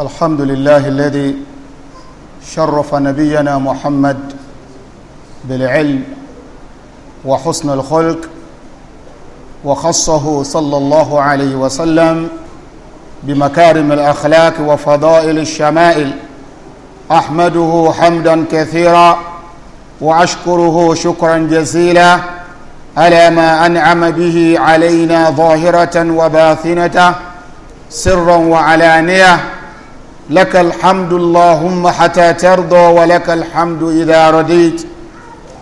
الحمد لله الذي شرف نبينا محمد بالعلم وحسن الخلق وخصه صلى الله عليه وسلم بمكارم الأخلاق وفضائل الشمائل أحمده حمدا كثيرا وأشكره شكرا جزيلا على ما أنعم به علينا ظاهرة وباثنة سرا وعلانية لك الحمد اللهم حتى ترضى ولك الحمد إذا رضيت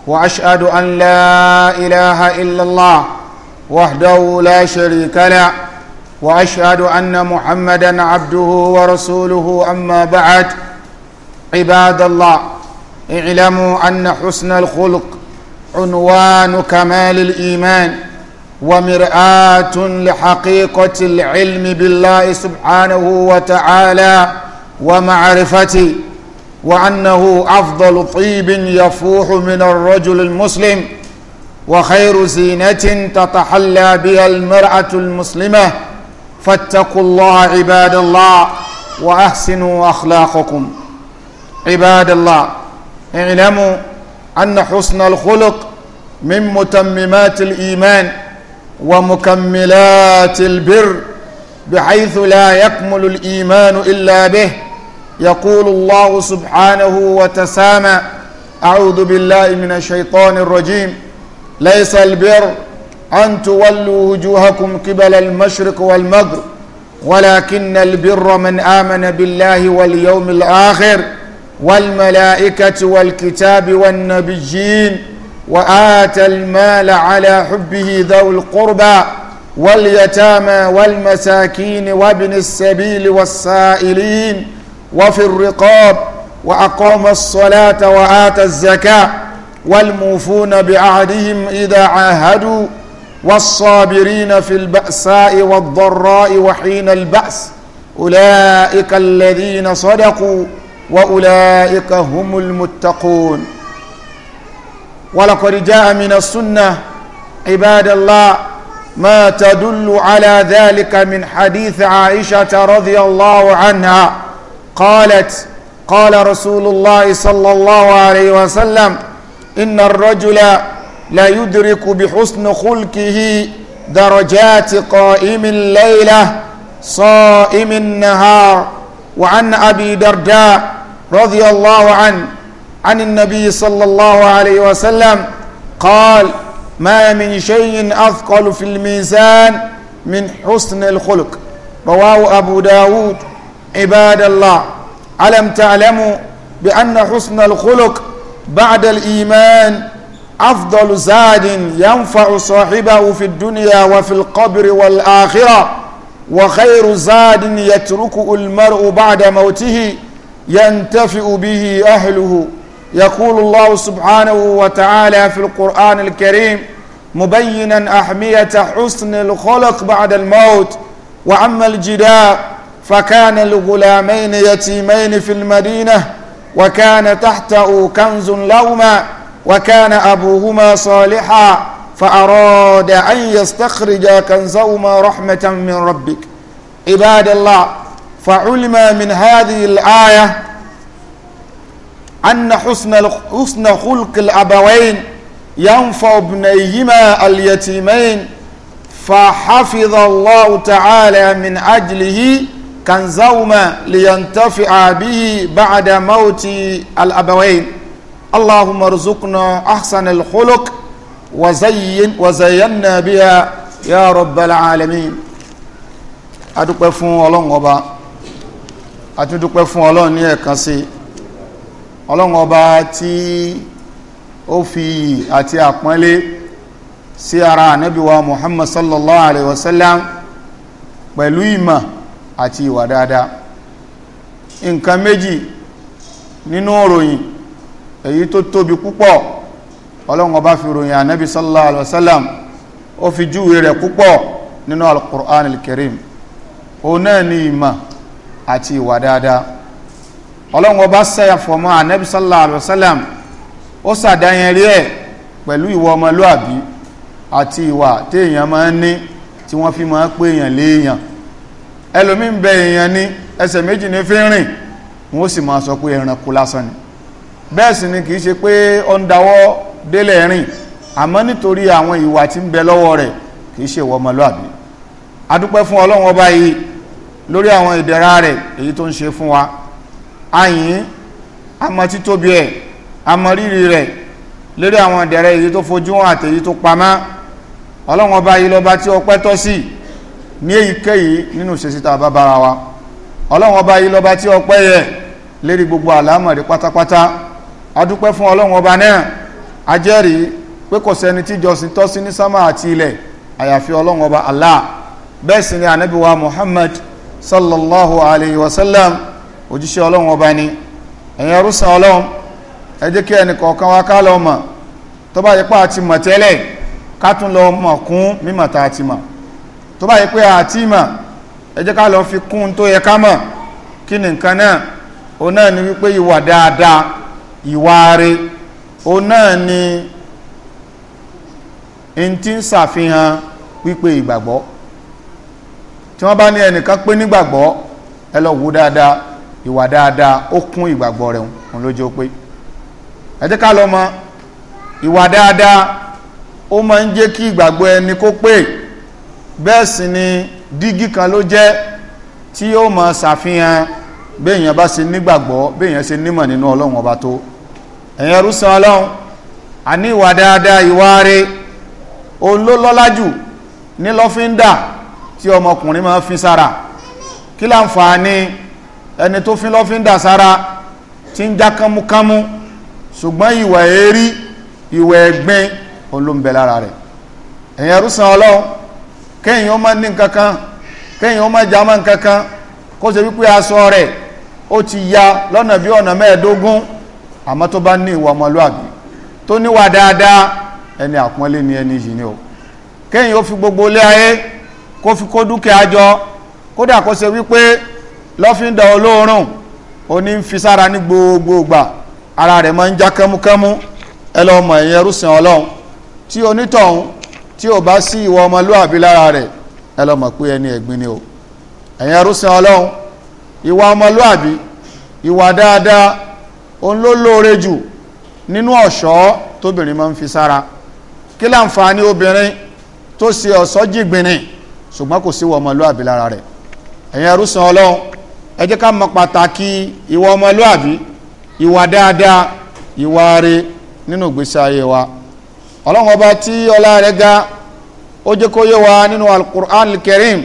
وأشهد أن لا إله إلا الله وحده لا شريك له وأشهد أن محمدا عبده ورسوله أما بعد عباد الله اعلموا أن حسن الخلق عنوان كمال الإيمان ومرآة لحقيقة العلم بالله سبحانه وتعالى ومعرفتي وأنه أفضل طيب يفوح من الرجل المسلم وخير زينة تتحلى بها المرأة المسلمة فاتقوا الله عباد الله وأحسنوا أخلاقكم عباد الله اعلموا أن حسن الخلق من متممات الإيمان ومكملات البر بحيث لا يكمل الإيمان إلا به يقول الله سبحانه وتسامى أعوذ بالله من الشيطان الرجيم ليس البر أن تولوا وجوهكم قبل المشرق والمغرب ولكن البر من آمن بالله واليوم الآخر والملائكة والكتاب والنبيين وآتى المال على حبه ذو القربى واليتامى والمساكين وابن السبيل والسائلين وفي الرقاب وأقام الصلاة وآتى الزكاة والموفون بعهدهم إذا عاهدوا والصابرين في البأساء والضراء وحين البأس أولئك الذين صدقوا وأولئك هم المتقون ولقد جاء من السنة عباد الله ما تدل على ذلك من حديث عائشة رضي الله عنها قالت قال رسول الله صلى الله عليه وسلم إن الرجل لا يدرك بحسن خلقه درجات قائم الليلة صائم النهار وعن أبي درداء رضي الله عنه عن النبي صلى الله عليه وسلم قال ما من شيء أثقل في الميزان من حسن الخلق رواه أبو داود عباد الله ألم تعلموا بأن حسن الخلق بعد الإيمان أفضل زاد ينفع صاحبه في الدنيا وفي القبر والآخرة وخير زاد يتركه المرء بعد موته ينتفع به أهله يقول الله سبحانه وتعالى في القرآن الكريم مبينا أحمية حسن الخلق بعد الموت وعم الجدال فكان لغلامين يتيمين في المدينة وكان تحته كنز لهما وكان أبوهما صالحا فأراد أن يستخرج كنزهما رحمة من ربك عباد الله فعلم من هذه الآية أن حسن حسن خلق الأبوين ينفع ابنيهما اليتيمين فحفظ الله تعالى من أجله كنزوما لينتفع به بعد موت الأبوين اللهم ارزقنا أحسن الخلق وزين وزينا بها يا رب العالمين adúpẹ́ fún ọlọ́run ọba àtúndúpẹ́ fún ọlọ́run ní ẹ̀kan sí ọlọ́run ọba tí ó fi àti àpọ́nlé sí ara ànábì wa muhammad sallallahu alaihi wasallam pẹ̀lú ìmọ̀ àti ìwà dáadáa nǹkan méjì nínú òròyìn èyí tó tóbi púpọ̀ ọlọ́run ọba fi ròyìn ànábì sallallahu alaihi wasallam ó fi júwe rẹ̀ púpọ̀ nínú al-Qur'an al-Karim òun náà ni ìmọ̀ àti ìwà dáadáa ọlọ́run ọba sẹ́yà fọmọ ànábì sallallahu alaihi wasallam ó sàdáyẹn rí ẹ̀ pẹ̀lú ìwà ọmọlúàbí àti ìwà téèyàn máa ń ní tí wọ́n fi máa ń pè èèyàn léèyàn ẹlòmí ń bẹ èèyàn ní ẹsẹ̀ méjì ní fi ń rìn wọ́n sì máa sọ pé ẹranko lásán ni bẹ́ẹ̀ sì ni kìí ṣe pé ó ń dawọ́ délẹ̀ rìn àmọ́ nítorí àwọn ìwà tí ń bẹ lọ́wọ́ rẹ̀ kìí ṣe wọ́n ọmọlúàbí adúpẹ́ fún ọlọ́run ọba yìí lórí àwọn ìdẹ̀ra rẹ̀ èyí tó ń ṣe fún wa ayìn àmọ́ títóbi ẹ̀ àmọ́ rírì rẹ̀ lórí àwọn ìdẹ̀ra èyí tó fojú hàn àtèyí tó pamọ́ ọlọ́run ọba yìí lọ́ba tí ọpẹ́ tọ́ sí i ní èyíkéyìí nínú ninu osisi wa ọlọ́run ọba yìí lọba tí ọpẹ́ yẹ lérí gbogbo àlámọ̀rí pátápátá adúpẹ́ fún ọlọ́run ọba náà ajẹ́rìí pé kò sẹ́ni tí jọ́sìn tọ́ sí ní sámà àti ilẹ̀ àyàfi ọlọ́run ọba Muhammad sallallahu alayhi wa sallam òjíṣẹ́ ọlọ́run ni ẹ̀yin ọlọ́run ẹ jẹ́ kí ẹnì kọ̀ọ̀kan wa ká lọ mọ̀ tó bá yẹ pé àti mọ̀ ẹ ká lọ fi kún tó yẹ ká mọ̀ kí ni nǹkan náà o náà ni wípé ìwà dáadáa ìwà re o náà ni n ti ń ṣàfihàn pípé ìgbàgbọ́ tí wọ́n bá ní ẹnìkan pé nígbàgbọ́ ẹ lọ wò dáadáa ìwà dáadáa ó kún ìgbàgbọ́ rẹ̀ òun ló jẹ́ pé ẹ ká lọ mọ̀ ìwà dáadáa ó máa ń jẹ́ kí ìgbàgbọ́ ẹni kó pé bẹ́ẹ̀ sì ni dígí kan ló jẹ́ tí yóò máa ṣàfihàn béèyàn bá ṣe nígbàgbọ́ béèyàn ṣe nímọ̀ nínú ọlọ́run ọba tó ẹ̀yin ẹrúsàn ọlọ́run àní ìwà dáadáa ìwà rẹ olólọ́lájù ní lọ́fíńdà tí ọmọkùnrin máa fi sára kí láǹfààní ẹni tó fi lọ́fíńdà sára tí ń já kánmúkánmú ṣùgbọ́n ìwà èérí ìwà ẹ̀gbin olóńbẹ lára rẹ̀ ẹ̀yin ẹrúsàn ọlọ́run kẹ́yìn ó má ní nkankan kẹ́yìn ó má jama nkankan kó wípé aṣọ rẹ̀ ó ti ya lọ́nà bí ọ̀nà mẹ́ẹ̀ẹ́dógún àmọ́ tó bá ní ìwà tó níwà dáadáa ẹni àpọ́nlé ni ẹni yìí ni o kẹ́yìn ó fi gbogbo ayé kó fi kó dúkìá jọ kó wípé ó ní fi sára gbogbo ara rẹ̀ máa ń já ọlọ́run tí ò bá sí ìwà ọmọlúwàbí lára rẹ̀ ẹ pé ẹni ẹ̀gbin ni o ẹ̀yin arúsìn ọlọ́run ìwà ọmọlúwàbí ìwà dáadáa òun ló lóore jù nínú ọ̀ṣọ́ tóbìnrin máa ń fi sára kí láǹfààní obìnrin tó ṣe ọ̀ṣọ́ jìgbìnrin ṣùgbọ́n kò sí ìwà ọmọlúwàbí lára rẹ̀ ẹ̀yin arúsìn ọlọ́run ẹ jẹ́ ká mọ̀ pàtàkì ìwà ọmọlúwàbí ìwà dáadáa ìwà rẹ̀ nínú ìgbésí ayé wa. ọlọ́run ọba tí ọlá rẹ̀ ga ó jẹ́ kó yé wa nínú alukur'an kẹrim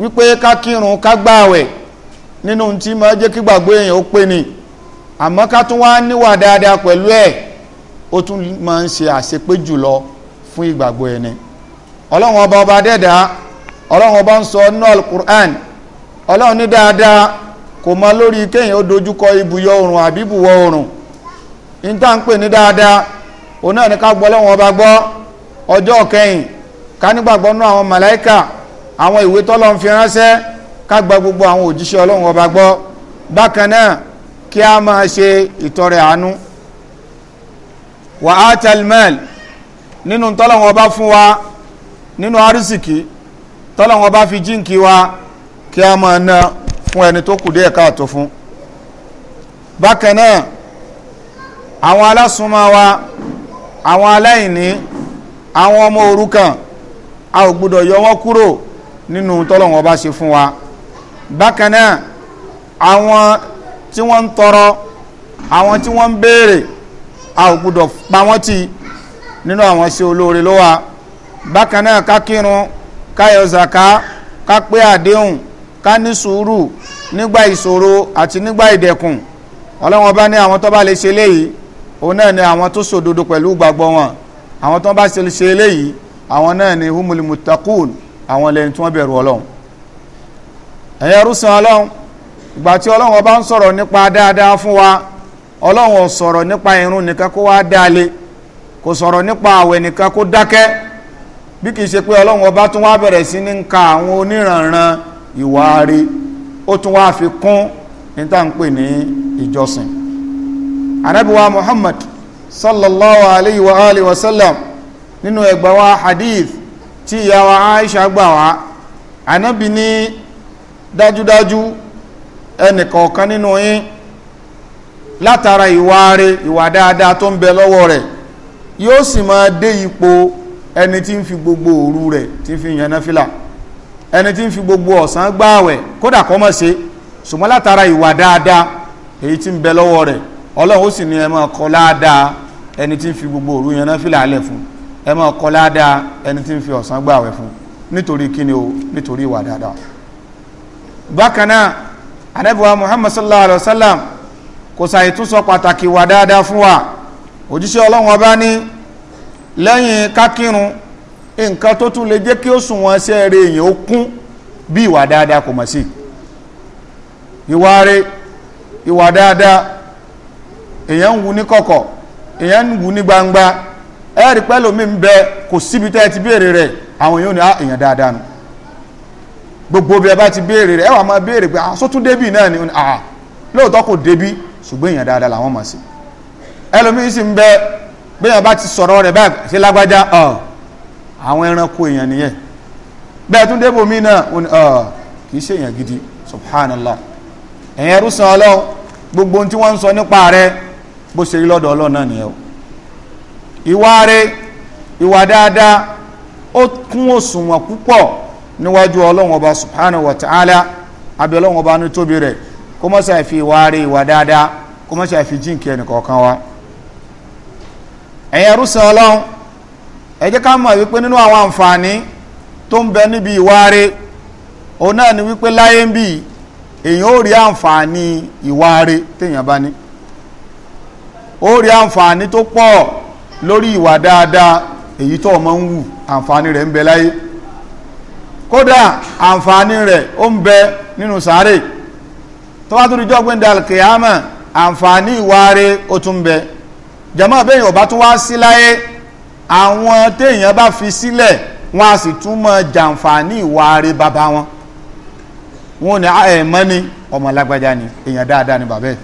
wípé ká kírun ká gbààwẹ̀ nínú tí ma jẹ́ kí gbàgbọ́ èèyàn ó pé ni àmọ́ ká tún wá níwà dáadáa pẹ̀lú ẹ̀ ó tún ń ṣe àṣepé jùlọ fún ìgbàgbọ́ ẹni ọlọ́run ọba ọba ọlọ́run ọba ń sọ nínú alukur'an ọlọ́run ní dáadáa kò mọ lórí kéèyàn ó dojúkọ ibùyọ oòrùn àbí òun náà ní ká gbọ́ lọ́wọ́n ọba gbọ́ ọjọ́ kẹyìn ká nígbàgbọ́ nú àwọn màláìkà àwọn ìwé tọ́lọ́run fi ránṣẹ́ ká gba gbogbo àwọn òjíṣẹ́ ọlọ́wọ́n ọba gbọ́ bákan náà kí a máa ṣe ìtọrẹ àánú wà á tẹlmẹ́l nínú tọ́lọ́wọ́n ọba fún wa nínú arísìkí tọ́lọ́wọ́n ọba fi jíǹkí wa kí a máa ná fún ẹni tó kù díẹ̀ káàtó fún bákan náà àwọn alásùnmọ́ wa àwọn aláìní àwọn ọmọ òrukàn a ò gbọ́dọ̀ yọ wọ́n kúrò nínú tọ́lọ̀wọ́n bá ṣe fún wa bákan náà àwọn tí wọ́n ń tọrọ àwọn tí wọ́n ń béèrè a ò gbọ́dọ̀ pa wọ́n tì nínú àwọn ṣe olóore ló wà bákan náà ká kírun ká yọ ká pé àdéhùn ká ní sùúrù nígbà ìṣòro àti nígbà ìdẹ̀kùn ọlọ́wọ́n bá ní àwọn tó bá lè ṣe léyìí òun náà ni àwọn tó ṣòdodo pẹ̀lú gbàgbọ́ wọn àwọn tó bá ṣe eléyìí àwọn náà ni humuli mutakun, àwọn lẹ́yìn tí wọ́n bẹ̀rù ọlọ́run ẹ̀yẹ rúṣin ọlọ́run ìgbà tí ọlọ́run ọba ń sọ̀rọ̀ nípa dáadáa fún wa ọlọ́run ò sọ̀rọ̀ nípa irun nìkan kó wá dáale kò sọ̀rọ̀ nípa àwẹ̀ nìkan kó dákẹ́ bí kìí ṣe pé ọlọ́run ọba tún wá bẹ̀rẹ̀ sí ní ka àwọn oníranran ìwà rí ó tún wá fi kún ní tá à ń pè ní ìjọsìn anabiwa muhammad sallallahu alayhi wa alihi wa sallam nínú ẹgbà wa hadith tí ìyá wa aisha gbà wá anabi ní dájúdájú ẹnìkọ̀ọ̀kan nínú yín látara ìwà rẹ̀ ìwà dáadáa tó ń bẹ lọ́wọ́ rẹ̀ yóò sì máa dé ipò ẹni tí ń fi gbogbo òru rẹ̀ tí ń fi yànnà fìlà ẹni tí ń fi gbogbo ọ̀sán gbáàwẹ̀ kódà kọ́ mọ̀ ṣe ṣùgbọ́n látara ìwà dáadáa èyí tí ń bẹ lọ́wọ́ rẹ̀ ọlọ́run ó sì ní ẹ máa kọ ládàá ẹni tí ń fi gbogbo òru yẹn náà fìlà alẹ̀ fún ẹ máa kọ ládàá ẹni tí ń fi ọ̀sán gbààwẹ̀ fún nítorí kíni o nítorí ìwà dáadáa bákan náà anabiwa muhammad sallallahu alayhi wa sallam kò sàyè tún sọ pàtàkì ìwà dáadáa fún wa òjíṣẹ́ ọlọ́run ọba ní lẹ́yìn kákírun nǹkan tó tún lè jẹ́ kí ó sùn wọn ṣe eré èèyàn ó kún bí ìwà dáadáa kò mọ̀ sí ìwà rẹ̀ ìwà dáadáa èyàn ń wu ní kọ̀kọ̀ èyàn ń wu ní gbangba ẹ̀rí pẹ́lú mi ń bẹ kò síbi tẹ́ ti béèrè rẹ̀ àwọn èyàn ò ní á ah, èyàn dáadáa nu gbogbo bí ẹ bá ti béèrè rẹ̀ ẹ wà máa béèrè pé àwọn ah, débì náà ni àà ah, lóòótọ́ kò débì ṣùgbọ́n èyàn dáadáa làwọn mọ̀ sí ẹlòmíín sì ń bẹ béèyàn bá ti sọ̀rọ̀ rẹ̀ báyìí ṣe lágbájá àwọn ẹranko èyàn nìyẹn bẹ́ẹ̀ tún débò mí náà kì í ṣe èyàn gidi subhanallah ẹ̀yẹn rúṣan ọlọ́run gbogbo ohun tí wọ́n ń sọ nípa rẹ̀ bó ṣe rí lọ́dọ̀ ọlọ́run náà nìyẹn o ìwà rẹ ìwà dáadáa ó kún òṣùwọ̀n púpọ̀ níwájú ọlọ́run ọba subhanahu wa ta'ala abẹ ọlọ́run ọba ní tóbi rẹ̀ kó mọ́ ṣàì fi ìwà rẹ ìwà dáadáa kó mọ́ ṣàì fi jíǹkì ẹnìkọ̀ọ̀kan wa ẹ̀yin ẹrúsìn ọlọ́run ẹ jẹ́ ká mọ̀ wípé nínú àwọn àǹfààní tó ń bẹ níbi ìwà rẹ òun náà ni wípé láyé ń bì èèyàn ó rí àǹfààní ìwà rẹ téèyàn bá ní ó rí àǹfààní tó pọ̀ lórí ìwà dáadáa èyí tó ọmọ ń wù àǹfààní rẹ̀ ń bẹ láyé kódà àǹfààní rẹ̀ ó ń bẹ nínú sáré tó bá tó rí jọ́gbìn dalkiyama àǹfààní ìwà rẹ̀ ó tún bẹ jama bẹ́yìn ọba tó wá sí láyé àwọn téèyàn bá fi sílẹ̀ wọn a sì tún mọ jàǹfààní ìwà rẹ̀ bàbá wọn wọn ni ah, ẹ̀ẹ̀mọ́ ni ọmọ lágbájá ni èèyàn dáadáa ni bàbá ẹ̀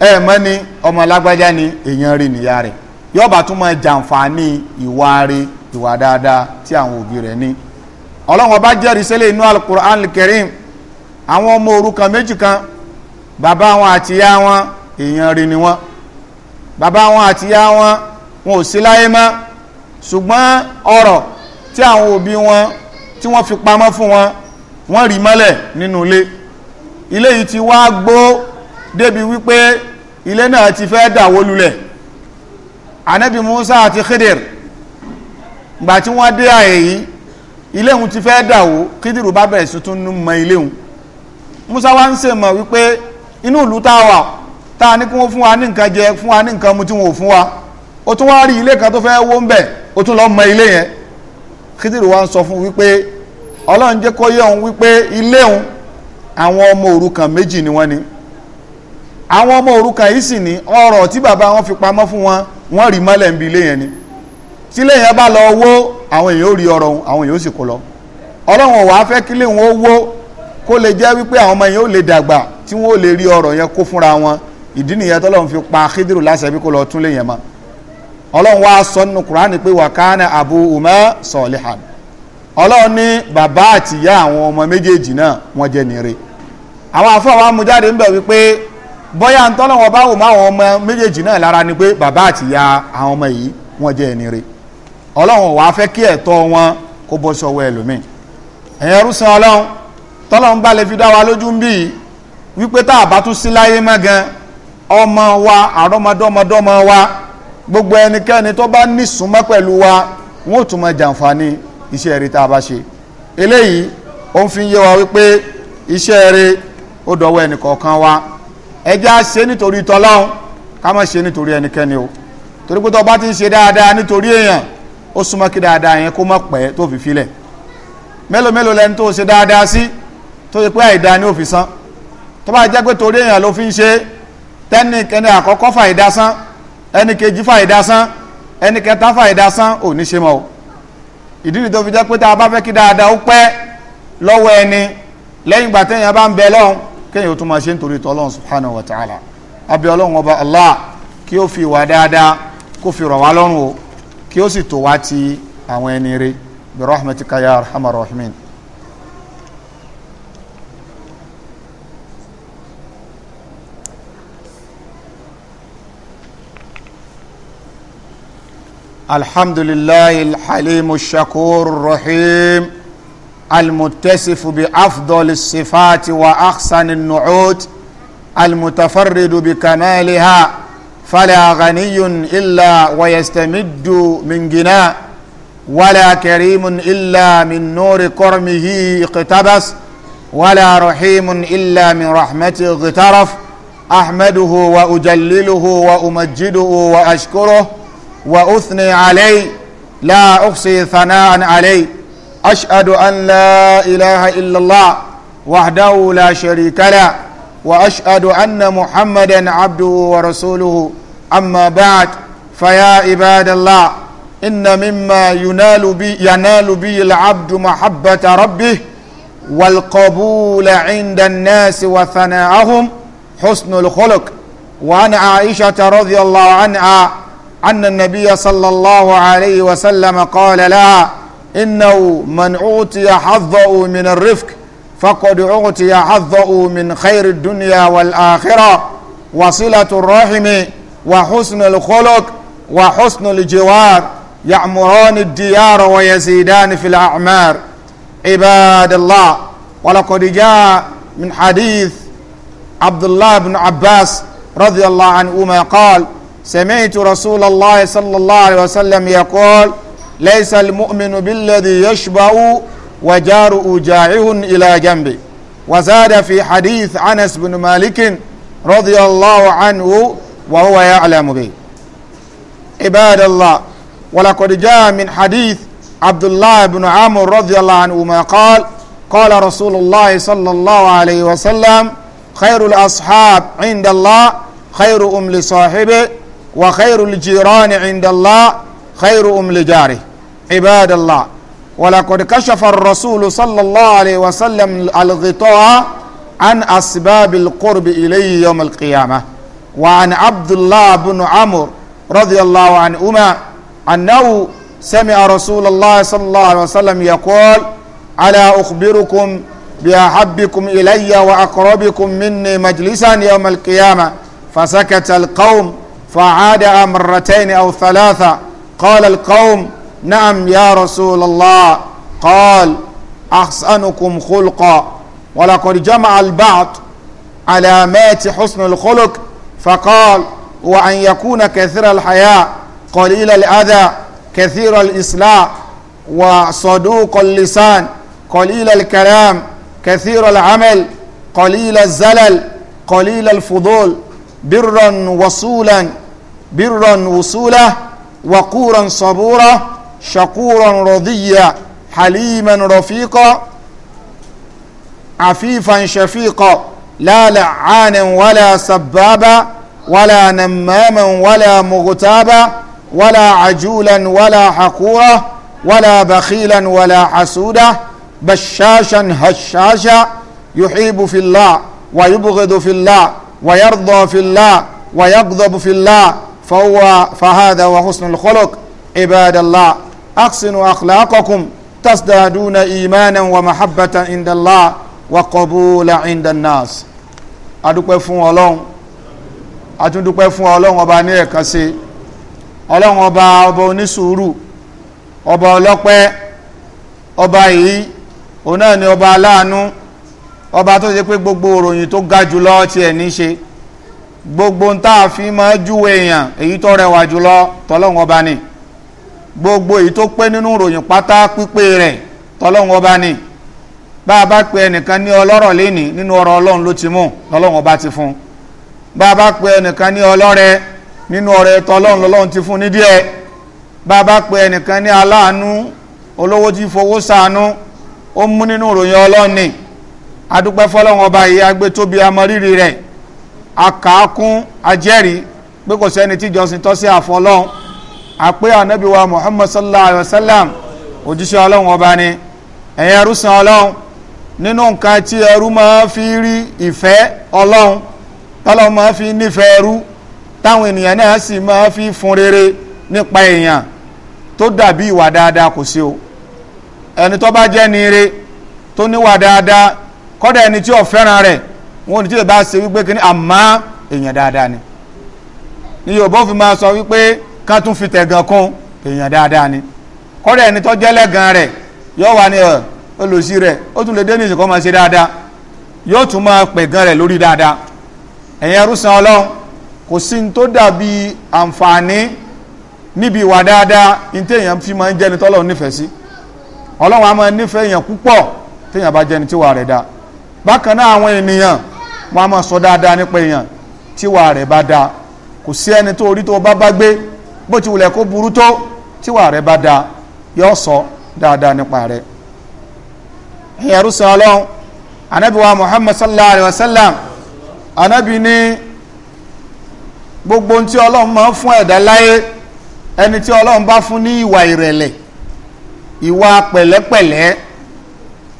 ẹ mọ́ ni ọmọ lágbájá ni èèyàn rí nìyá rẹ̀ yọba tún máa jàǹfààní ìwà rẹ̀ ìwà dáadáa tí àwọn òbí rẹ̀ ní ọlọ́run ọba jẹ́rìí sílẹ̀ inú alukur'an kerim àwọn ọmọ òrukàn méjì kan bàbá wọn àti ìyá wọn èèyàn rí ni wọn bàbá wọn àti ìyá wọn wọn ò sí láyé mọ́ ṣùgbọ́n ọ̀rọ̀ tí àwọn òbí wọn tí wọ́n fi pamọ́ fún wọn wọ́n rí mọ́lẹ̀ nínú ilé ilé yìí ti wá gbó débi wípé ilé náà ti fẹ́ dàwó lulẹ̀ anabi musa àti khidir gbà tí wọ́n dé àyè yìí ilé òun ti fẹ́ dàwó khidir bá bẹ̀rẹ̀ sí tún mọ ilé musa wá ń ṣe mọ̀ wípé inú ìlú tá a wà tá a ní kí wọ́n fún wa ní nǹkan jẹ fún wa ní nǹkan mu tí wọ́n ò fún wa ó tún wá rí ilé kan tó fẹ́ wó ń bẹ̀ ó tún lọ mọ ilé yẹn khidir wá ń sọ fún wípé ọlọ́run jẹ́ kó yé òun wípé ilé àwọn ọmọ òrukàn méjì ni wọ́n ni àwọn ọmọ òrukàn yìí sì ní ọrọ̀ tí bàbá wọn fi pamọ́ fún wọn wọ́n rí mọ́lẹ̀ níbi ilé yẹn ni tí ilé yẹn bá lọ wó àwọn èèyàn ó rí ọrọ̀ òun àwọn èèyàn ó sì kó lọ ọlọ́run wàá fẹ́ kí ilé wọn ó wó kó lè jẹ́ wípé àwọn ọmọ yẹn ó lè dàgbà tí wọ́n ó lè rí ọrọ̀ yẹn kó fúnra wọn ìdí nìyẹn tọ́lọ́run fi pa kídírù láṣẹ bí kó lọ tún lé yẹn mọ́ ọlọ́run wàá sọ nínú Kùránì pé wàkánà àbú umẹ́ sọ̀lìhàn ọlọ́run ní bàbá àtìyá àwọn ọmọ méjèèjì náà wọ́n jẹ́ nìire àwọn àfọwọ́ amújáde ń bẹ̀ wípé bọ́yá ń tọ́lọ́wọ́ bá wò má àwọn ọmọ méjèèjì náà lára ni pé bàbá àti ìyá àwọn ọmọ yìí wọ́n jẹ́ ẹni rẹ̀ ọlọ́run wàá fẹ́ kí ẹ̀tọ́ wọn kó bọ́ sọ́wọ́ ẹlòmíì ẹ̀yẹ rúsan ọlọ́run tọ́lọ́run bá lè fi dá wa lójú ń bì í wípé tá a bá tún sí láyé mọ́ gan ọmọ wa àrọ́mọdọ́mọdọ́mọ wa gbogbo ẹnikẹ́ni tó bá nísùnmọ́ pẹ̀lú wa wọ́n ò tún máa jàǹfààní iṣẹ́ rẹ̀ tá a bá ṣe eléyìí ó ń fi yé wa wípé iṣẹ́ rẹ̀ ó dọ̀wọ́ ẹnìkọ̀ọ̀kan wa ẹjẹ́ á ṣe nítorí tọ́lọ́hún ká má ṣe nítorí ẹnikẹ́ni o torí pé tó bá ti ń ṣe dáadáa nítorí èèyàn ó súnmọ́ kí dáadáa yẹn kó má pẹ́ tó fi filẹ̀ mélòó mélòó lẹni tó ṣe dáadáa sí tó ṣe pé àìda ni ó fi san tó bá jẹ́ pé torí èèyàn ló fi ń ṣe tẹ́nìkẹ́ni àkọ́kọ́ fàìdá san ẹnìkejì fàìdá san ẹnìkẹta fàìdá san ò ní ṣe mọ́ o ìdí nìyí tó fi jẹ́ pé tá a bá fẹ́ kí dáadáa ó pẹ́ lọ́wọ́ ẹni lẹ́yìn ìgbà kéèyàn ó tún máa ṣe nítorí tọ́ ọlọ́run subhanahu wa ta'ala abẹ́ ọlọ́run ọba allah kí ó fi wà dáadáa kó fi rọ̀ wá lọ́rùn o kí ó sì tó wá ti àwọn ẹni rẹ̀ bi rahmatika ya arhamar rahimin. الحمد لله الحليم الشكور المتصف بأفضل الصفات وأحسن النعوت المتفرد بكمالها فلا غني إلا ويستمد من جناء ولا كريم إلا من نور كرمه اقتبس ولا رحيم إلا من رحمته اغترف أحمده وأجلله وأمجده وأشكره وأثني عليه لا أحصي ثناء عليه أشهد أن لا إله إلا الله وحده لا شريك له وأشهد أن محمدا عبده ورسوله أما بعد فيا عباد الله إن مما ينال بي ينال بي العبد محبة ربه والقبول عند الناس وثناءهم حسن الخلق وعن عائشة رضي الله عنها أن عن النبي صلى الله عليه وسلم قال لها إنه من أوتي حظه من الرفق فقد أوتي حظه من خير الدنيا والآخرة وصلة الرحم وحسن الخلق وحسن الجوار يعمران الديار ويزيدان في الأعمار عباد الله ولقد جاء من حديث عبد الله بن عباس رضي الله عنهما قال سمعت رسول الله صلى الله عليه وسلم يقول ليس المؤمن بالذي يشبع وجاره جائع إلى جنبه وزاد في حديث أنس بن مالك رضي الله عنه وهو يعلم به عباد الله ولقد جاء من حديث عبد الله بن عمرو رضي الله عنه ما قال قال رسول الله صلى الله عليه وسلم خير الأصحاب عند الله خير أم لصاحبه وخير الجيران عند الله خير أم لجاره عباد الله ولقد كشف الرسول صلى الله عليه وسلم الغطاء عن أسباب القرب إليه يوم القيامة وعن عبد الله بن عمرو رضي الله عنهما أنه سمع رسول الله صلى الله عليه وسلم يقول ألا أخبركم بأحبكم إلي وأقربكم مني مجلسا يوم القيامة فسكت القوم فعاد مرتين أو ثلاثة قال القوم نعم يا رسول الله قال أحسنكم خلقا ولقد جمع البعض علامات حسن الخلق فقال وأن يكون كثير الحياء قليل الأذى كثير الإصلاح وصدوق اللسان قليل الكلام كثير العمل قليل الزلل قليل الفضول برا وصولا برا وصولا وقورا صبورا شكورا رضيا حليما رفيقا عفيفا شفيقا لا لعانا ولا سبابا ولا نماما ولا مغتابا ولا عجولا ولا حقورا ولا بخيلا ولا حسودا بشاشا هشاشا يحيب في الله ويبغض في الله ويرضى في الله ويغضب في الله فهو فهذا وحسن الخلق عباد الله أحسنوا أخلاقكم تزدادون إيمانا ومحبة عند الله وقبولا عند الناس adúpẹ́ fún ọlọ́run atúndúpẹ́ fún ọlọ́run ọba ní ẹ̀kan sí ọlọ́run ọba ọba onísùúrù ọba ọlọ́pẹ́ ọba ọba ọba tó ṣe gbogbo òròyìn tó ga jùlọ ní gbogbo ń tá a fi máa júwe èèyàn èyí ọba ni. gbogbo èyí tó pé nínú ìròyìn pátá pípé rẹ̀ ọba ni bá a bá pe ẹnìkan ní ọlọ́rọ̀ lénìí nínú ọ̀rọ̀ ọlọ́run ló ti mú ọba ti fún bá a bá pe ẹnìkan ní ọlọ́rẹ nínú ọ̀rẹ́ lọ́lọ́run ti fún ní díẹ̀ bá a bá ti fowó ó mú nínú ìròyìn ọlọ́run ni ọba yìí rẹ̀ ajẹ́rìí pé kò sẹ́ni tọ́sí àpé ànábì wa muhammad sallallahu alayhi wa sallam ọlọ́run ọba ni ẹ̀yin ẹrúsàn ọlọ́run nínú nǹkan tí ẹrú máa fi rí ìfẹ́ ọlọ́run tọ́lọ́ máa fi nífẹ̀ẹ́ ẹrú táwọn ènìyàn náà sì máa fi fún rere nípa èèyàn tó dàbí ìwà dáadáa kò sí o ẹni tó bá jẹ́ tó níwà dáadáa kọ́dà ẹni tí ò fẹ́ràn rẹ̀ wọn kán tún fi tẹ̀gàn kún èèyàn dáadáa ni kọ́dà ẹni tó jẹ́ lẹ́gàn rẹ̀ yóò wà ní olùsí rẹ̀ ó tún lè dé ní ìsìnkú máa ṣe dáadáa yóò tún máa pẹ̀gàn rẹ̀ lórí dáadáa ẹ̀yin ẹrúsàn ọlọ́run kò sí ní tó dàbí àǹfààní níbi ìwà dáadáa ní téèyàn fi máa ń jẹ́ni tọ́lọ́run nífẹ̀ẹ́ sí ọlọ́run á máa nífẹ̀ẹ́ èèyàn púpọ̀ téèyàn bá jẹ́ni tíwà rẹ̀ dáa bákan náà àwọn ènìyàn wọn á máa sọ dáadáa nípa èèyàn tíwà rẹ̀ bá dáa kò sí ẹni tó orí tó bá bá gbé bó ti wulẹ̀ kó burú tó rẹ bá da yọ sọ dáadáa nípa rẹ. ìyàrú sọ ọlọ́run anabi wa muhammad sallallahu alayhi anabi ni gbogbo ntí ọlọ́run máa ń fún ẹ̀dá láyé ẹni tí ọlọ́run bá fún ní ìwà ìrẹ̀lẹ̀ ìwà pẹ̀lẹ́pẹ̀lẹ́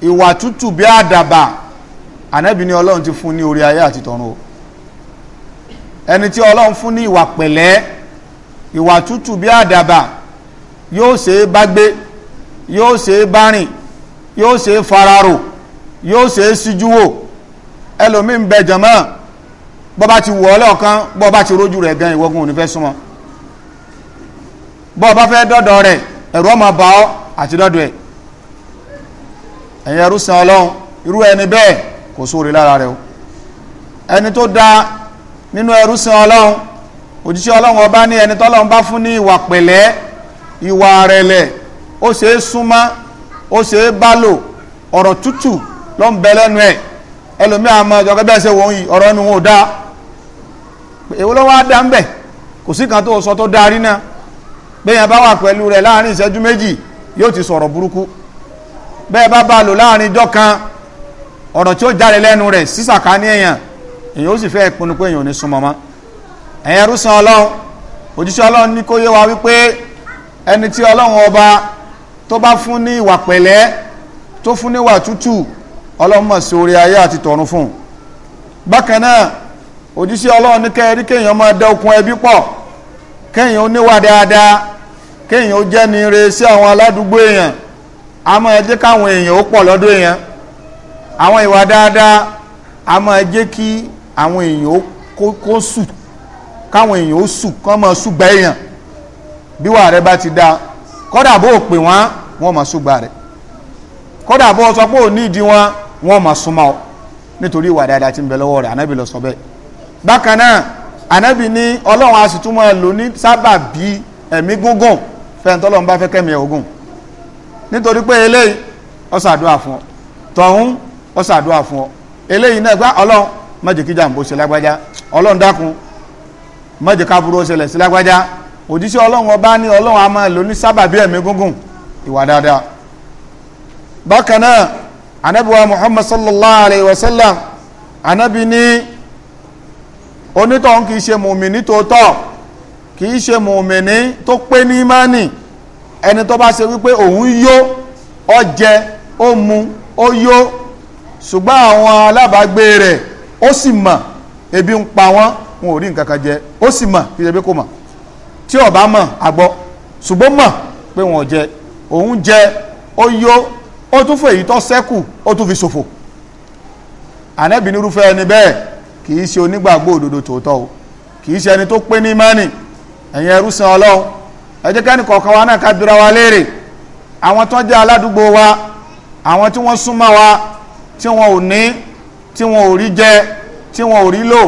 ìwà tútù bí àdàbà anabi ni ọlọ́run ti fún ní orí ayé àti tọ̀run o ẹni tí ọlọ́run fún ní ìwà tútù bí àdàbà yóò ṣe é bá gbé yóò ṣe é bá rìn yóò ṣe é fararò yóò ṣe é síjú wò ẹlòmíín bẹ jẹmọ bọba ti wọ ọlọkan bọba ti rójú rẹ gan ìwọgun ò ní fẹ́ súnmọ́ bọba fẹ́ dọdọ rẹ ẹ̀rù ọmọ bá ọ àti dọdọ ẹ ẹ̀yin ẹrú san Ọlọ́run irú ẹni bẹ́ẹ̀ kò sóore lára rẹ o ẹni tó dáa nínú ẹrú san Ọlọ́run òjíṣẹ́ ọlọ́run ọba ní ẹni tọ́lọ́run bá fún ní ìwà pẹ̀lẹ́ ìwà rẹ̀lẹ̀ ó ṣe é súnmọ́ ó ṣe é bá lò ọ̀rọ̀ tútù ló ń bẹ lẹ́nu ẹ̀ ẹlòmí àmọ́ ìjọba bẹ́ẹ̀ ṣe wọ̀nyí ọ̀rọ̀ ẹnu wọn ò dáa èwo ló wáá dá ń bẹ̀ kò sí kan tó sọ tó darí náà bẹ́ẹ̀ bá wà pẹ̀lú rẹ̀ láàrin ìṣẹ́jú méjì yóò ti sọ̀rọ̀ burúkú bẹ́ẹ̀ bá bá lò láàrin ijọ́ kan ọ̀rọ̀ tí ó jáde lẹ́nu rẹ̀ sísàkání èèyàn èèyàn ó sì fẹ́ pinnu pé èèyàn ò ní súnmọ́ mọ́ ẹ̀yẹn rúsan ọlọ́run òjíṣẹ́ ọlọ́run ní kó yé wa wípé ẹni tí ọlọ́run ọba tó bá fún ní ìwà pẹ̀lẹ́ tó fún ní ìwà tútù ọlọ́run mọ̀ sí orí ayé àti tọ̀run fún un bákan náà òjíṣẹ́ ọlọ́run ní kẹ́ẹ̀rí kéèyàn máa dá okun ẹbí pọ̀ kéèyàn ó níwà dáadáa kéèyàn ó jẹ́ ní ire sí àwọn aládùúgbò èèyàn a máa jẹ́ káwọn èèyàn ó pọ̀ lọ́dọ̀ èèyàn àwọn ìwà dáadáa a máa jẹ́ kí àwọn èèyàn ó kó sùn káwọn èèyàn ó sù kán mọ ṣùgbà èèyàn bí wà rẹ bá ti dáa kódà bó o pè wọ́n wọ́n mọ̀ ṣùgbà rẹ kódà bó o sọ pé ò ní ìdí wọn wọ́n mọ̀ súnmọ́ ọ nítorí ìwà dáadáa ti ń bẹ lọ́wọ́ rẹ̀ ànábì lọ sọ bẹ́ẹ̀ bákan náà ànábì ní ọlọ́run a sì tún máa lò ní sábà bí ẹ̀mí gúngùn fẹ́ẹ́ bá fẹ́ kẹ́mi ẹ̀ nítorí pé eléyìí ọ tọ̀hún fún ọ mọ́jẹ́ kábúrò ṣẹlẹ̀ sí lágbájá òjíṣẹ́ ọlọ́run ọba ní ọlọ́run a máa lò ní sábàbí ẹ̀mí gúngùn ìwà dáadáa bákan náà anábìwá muhammad sallallahu alayhi wa sallam anábì ní onítọ̀hún kìí ṣe mùmìnì tòótọ́ kìí ṣe mùmìnì tó pé ní mánì ẹni tó bá ṣe wípé òun yó ó jẹ ó mu ó yó ṣùgbọ́n àwọn alábàágbé rẹ̀ ó sì mọ̀ ebi ń pa wọ́n wọn ò rí nǹkan kan jẹ ó sì mọ̀ kí ṣebí kò mọ̀ tí ó bá mọ̀ àgbọ̀ ṣùgbọ́n mọ̀ pé wọn ò jẹ òun jẹ ó yó ó tún fún èyí tó ṣẹ́kù ó tún fi ṣòfò ànẹ́bí nírúfẹ́ ẹni bẹ́ẹ̀ kì í ṣe onígbàgbọ́ òdodo tòótọ́ o kì í ṣe ẹni tó pé ní mánì ẹ̀yin ẹrú san ọlọ́run ẹ jẹ́ kẹ́ni kọ̀ọ̀kan wa náà ká bira wa léèrè àwọn tó jẹ́ aládùúgbò wa àwọn tí wọ́n súnmọ́ wa tí wọn ò ní tí wọn ò rí jẹ tí wọn ò rí lò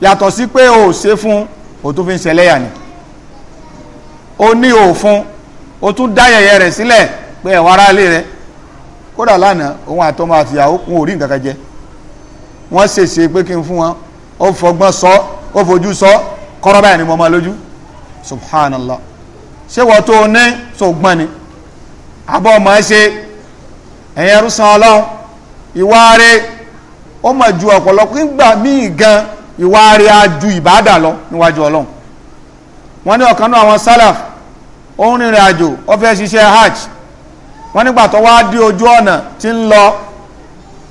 yàtọ̀ sí pé o ṣe fún o tún fi ń ṣẹlẹ́yà ni o ní o fún o tún dá yẹ̀yẹ́ rẹ̀ sílẹ̀ pé ẹ̀wọ̀n ara ilé rẹ̀ kódà lánàá òun àtọmọ àtìyàwó kún orí nǹkan kan jẹ wọ́n ṣèṣe pé kí n fún wọn ó fọgbọ́n sọ ó fojú sọ kọ́rọ́ báyìí ni mo máa lójú subhanallah ṣé wọ́n tó ní sọ̀gbọ́n ni abọ́ ọmọ ẹ ṣe ẹ̀yẹn rúsan ọlọ́run ìwà rẹ̀ ó mọ̀ ju ọ̀pọ̀lọpọ̀ nígbà míì gan-an ìwà rẹ̀ á ju ìbáàdà lọ níwájú ọlọ́run wọ́n ní ọ̀kan náà àwọn salaf ó ń rìnrìn àjò ó fẹ́ ṣiṣẹ́ hajj wọ́n nígbà tó wá dé ojú ọ̀nà tí ń lọ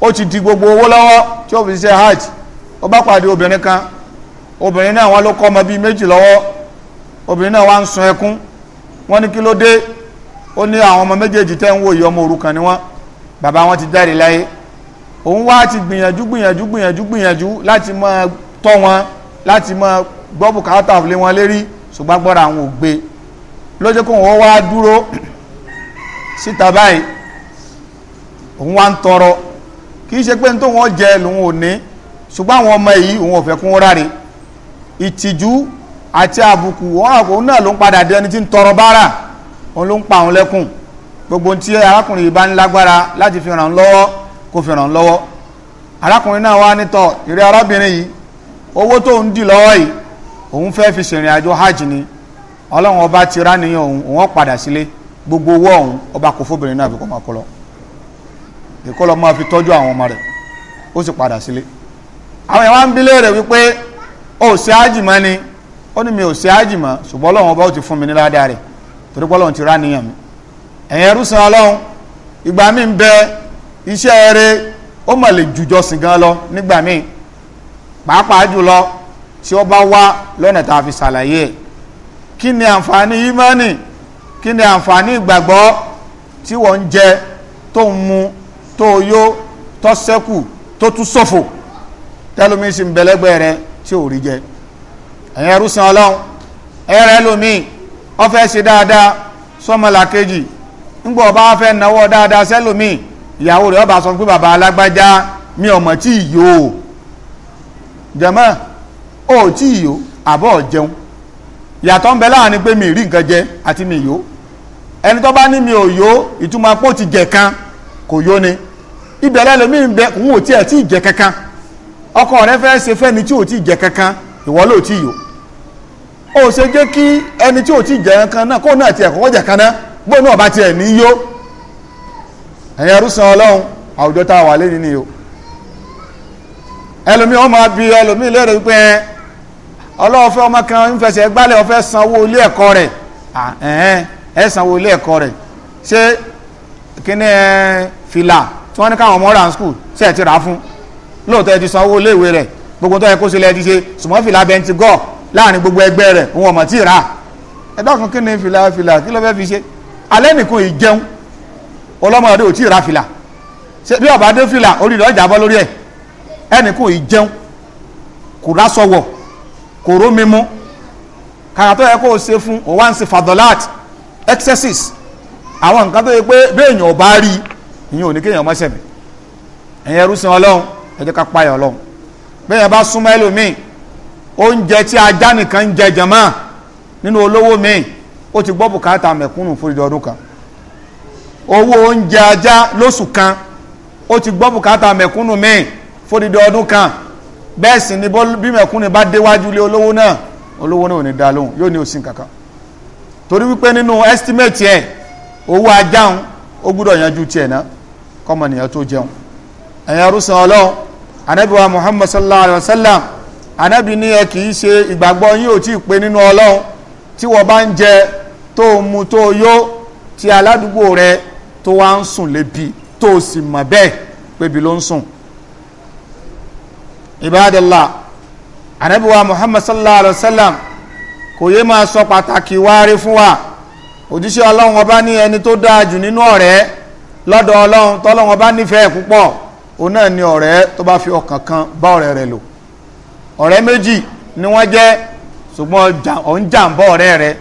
ó ti di gbogbo owó lọ́wọ́ tí ó fi ṣiṣẹ́ hajj ó bá pàdé obìnrin kan obìnrin náà wọn ló kọ́ ọmọ bíi méjì lọ́wọ́ obìnrin náà wá ń sun ẹkún wọ́n ní kí ló dé ó ní àwọn ọmọ méjèèjì tẹ́ ń wò yìí ọmọ òrukàn ni wọ́n bàbá wọn ti jáde láyé òun wá ti gbìyànjú gbìyànjú gbìyànjú gbìyànjú láti máa tọ́ wọn láti máa gbọ́ bùkátà lé wọn lérí ṣùgbọ́n gbọ́dọ̀ àwọn ò gbé lọ́jọ́ kó wọ́n wá dúró síta báyìí òun wá ń tọrọ kì í ṣe pé nítorí wọn jẹ lòun ò ní ṣùgbọ́n àwọn ọmọ yìí òun ò fẹ́ kún ráre ìtìjú àti àbùkù wọn àpò òun náà ló ń padà dé ẹni tí ń tọrọ bára òun ló ń pa òun lẹ́kùn gbogbo tí arákùnrin yìí bá ń lágbára láti fi ràn lọ́wọ́ kó fi ràn lọ́wọ́ arákùnrin náà wá nítọ̀ ìrẹ́ arábìnrin yìí owó tó ń dì lọ́wọ́ yìí òun fẹ́ fi ṣèrìn àjò hajj ni ọlọ́run ọba ti rá nìyẹn òun òun padà sílé gbogbo owó ọ̀hún ọba kò fóbìnrin náà fi kọ́ máa kọ́ fi tọ́jú àwọn ọmọ rẹ̀ ó sì padà sílé àwọn èèyàn ń bi léèrè wípé ó ṣe hajj mọ́ ni ó ní mi ò ṣe hajj ọba ó ti fún mi rẹ̀ torí pé ọlọ́run ti rá nìyẹn mi mi ń bẹ pàápàá jùlọ tí ó bá wá lọ́nà tá a fi ṣàlàyé kí ni àǹfààní ìmánì kí ni àǹfààní ìgbàgbọ́ tí wọ́n ń jẹ tó ń mu tó yó tó sẹ́kù tó tún ṣòfò tẹ́lómi sì ń bẹ̀lẹ́gbẹ̀ rẹ tí ò rí jẹ ẹ̀yin ẹrú san ọlọ́run ẹ̀rẹ́ lómi ó fẹ́ ṣe dáadáa sọ́mọlàkejì ńgbọ́ ọba fẹ́ náwó dáadáa sẹ́lómi ìyàwó rẹ̀ ọba bá sọ pé bàbá alágbájá mi ò mọ̀ tí ì yóò jẹmọ́ o tí ìyó àbọ̀ jẹun yàtọ̀ ń bẹ láàrin pé mi rí nǹkan jẹ àti mi yó ẹni tó bá ní mi ò yó ìtumọ̀ ti jẹ kan kò yó ni ibẹ̀ bẹ òun ò tí ẹ̀ kankan ọkọ rẹ fẹ́ ṣe fẹ́ni tí ò tí ì jẹ kankan ìwọ ló tí ì o ó ṣe jẹ́ kí ẹni tí ò tí ì jẹ kankan náà kó náà tiẹ̀ kọ́kọ́ jẹ kan náà gbóná ọba tiẹ̀ ní yó ọlọ́run àwùjọ tá a wà o ẹlòmí wọn máa bi ẹlòmí léèrè wípé ẹ ọlọ́wọ́ fẹ́ ọmọ kan ń fẹsẹ̀ gbálẹ̀ ọ̀fẹ́ sanwó ilé ẹ̀kọ́ rẹ̀ ẹ sanwó ilé ẹ̀kọ́ rẹ̀ ṣé kíní ẹ fìlà tí wọ́n ní káwọn ọmọ rà ń skul ṣe ẹ̀ ti rà á fún lóòótọ́ ẹ ti sanwó ilé ìwé rẹ̀ gbogbo tó yẹ kó sílẹ̀ ẹ ti ṣe ṣùgbọ́n fìlà bẹ́ẹ̀ ti gọ̀ láàrin gbogbo ẹgbẹ́ rẹ̀ òun ọmọ tí ì rà ẹ dákun kí ni fìlà fìlà kí ló fẹ́ fi ṣe alẹ́ nìkan ìjẹun ọlọ́mọdé ò tí ì rà fìlà bí ọba dé fìlà orí rẹ̀ ẹnì kò ì jẹun kò lásọ kò rómi mú kàkà tó yẹ kó o ṣe fún o wá ń ṣe fadolat excesses àwọn nǹkan tó yẹ pé béèyàn ò bá rí ìyẹn ò ní kéèyàn má ṣẹ̀mí ọlọ́run ká payọ̀ ọlọ́run bá súnmọ́ ẹlòmíì oúnjẹ tí ajá nìkan ń jẹ ti gbọ́ bùkátà kan owó oúnjẹ ajá lóṣù kan ó ti gbọ́ bùkátà mẹ̀kúnnù fódìdí ọdún kan bẹ́ẹ̀ sì ni bí mẹ̀kúnnì bá déwájú lé olówó náà olówó náà ò ní dá lóhùn yóò ní òsín kankan torí wípé nínú estimate ẹ owó ajáhùn ó gbúdọ̀ yanjú tiẹ̀ náà kọ́mọnìyàn tó jẹun ẹ̀yin arúsàn ọlọ́run anabi wa muhammad sallallahu alayhi wa sallam anabi ní ẹ kì í ṣe ìgbàgbọ́ yín ò tí ì pé nínú ọlọ́run tí wọ́n bá ń jẹ tó o mu tó yó tí aládùúgbò rẹ tó wá ń sùn lébi tó sì mọ̀ bẹ́ẹ̀ pébi ló ń sùn ibadallah anabiwa muhammad sallallahu alaihi wa sallam kò yé máa sọ pàtàkì wárí fún wa òjíṣẹ́ ọlọ́run ọba ní ẹni tó dáa jù nínú ọ̀rẹ́ lọ́dọ̀ ọlọ́run tọ́lọ́run ọba nífẹ̀ẹ́ púpọ̀ òun náà ni ọ̀rẹ́ tó bá fi ọkàn kan bá ọ̀rẹ́ rẹ̀ lò ọ̀rẹ́ méjì ni wọ́n jẹ́ ṣùgbọ́n òun jàǹbá ọ̀rẹ́ rẹ̀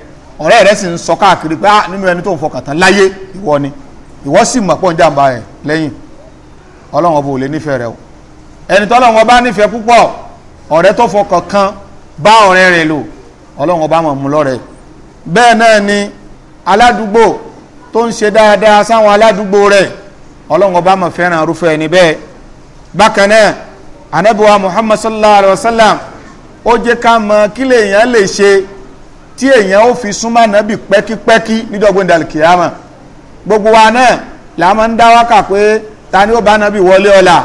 ọ̀rẹ́ rẹ̀ sì ń sọ káàkiri pé ah nínú ẹni tó ń fọkàn tán láyé ìwọ ni ìwọ sì mọ̀ pọ̀ ń jàǹbá rẹ̀ lẹ́yìn ọlọ́run ọba ò lè nífẹ̀ẹ́ rẹ̀ o ẹni tọ́lọ́ wọn bá nífẹ̀ẹ́ púpọ̀ ọ̀rẹ́ tó fọkàn kan bá ọ̀rẹ́ rẹ̀ lò ọlọ́run ọba mọ̀ mú lọ́rẹ̀ bẹ́ẹ̀ náà ni aládùúgbò tó ń ṣe dáadáa sáwọn aládùúgbò rẹ̀ ọlọ́run ọba mọ̀ fẹ́ràn arúfẹ́ ẹni bẹ́ẹ̀ bákan náà anabiwa muhammad sallallahu alayhi wa sallam ó jẹ́ ká mọ kí lèèyàn lè ṣe tí èèyàn ó fi súnmọ́ ànábì pẹ́kípẹ́kí nídọ́gbọ́n dàlùkìyàmọ̀ gbogbo wa náà làá máa ń dá wákà pé ta ni ó bá ànábì wọlé ọ̀la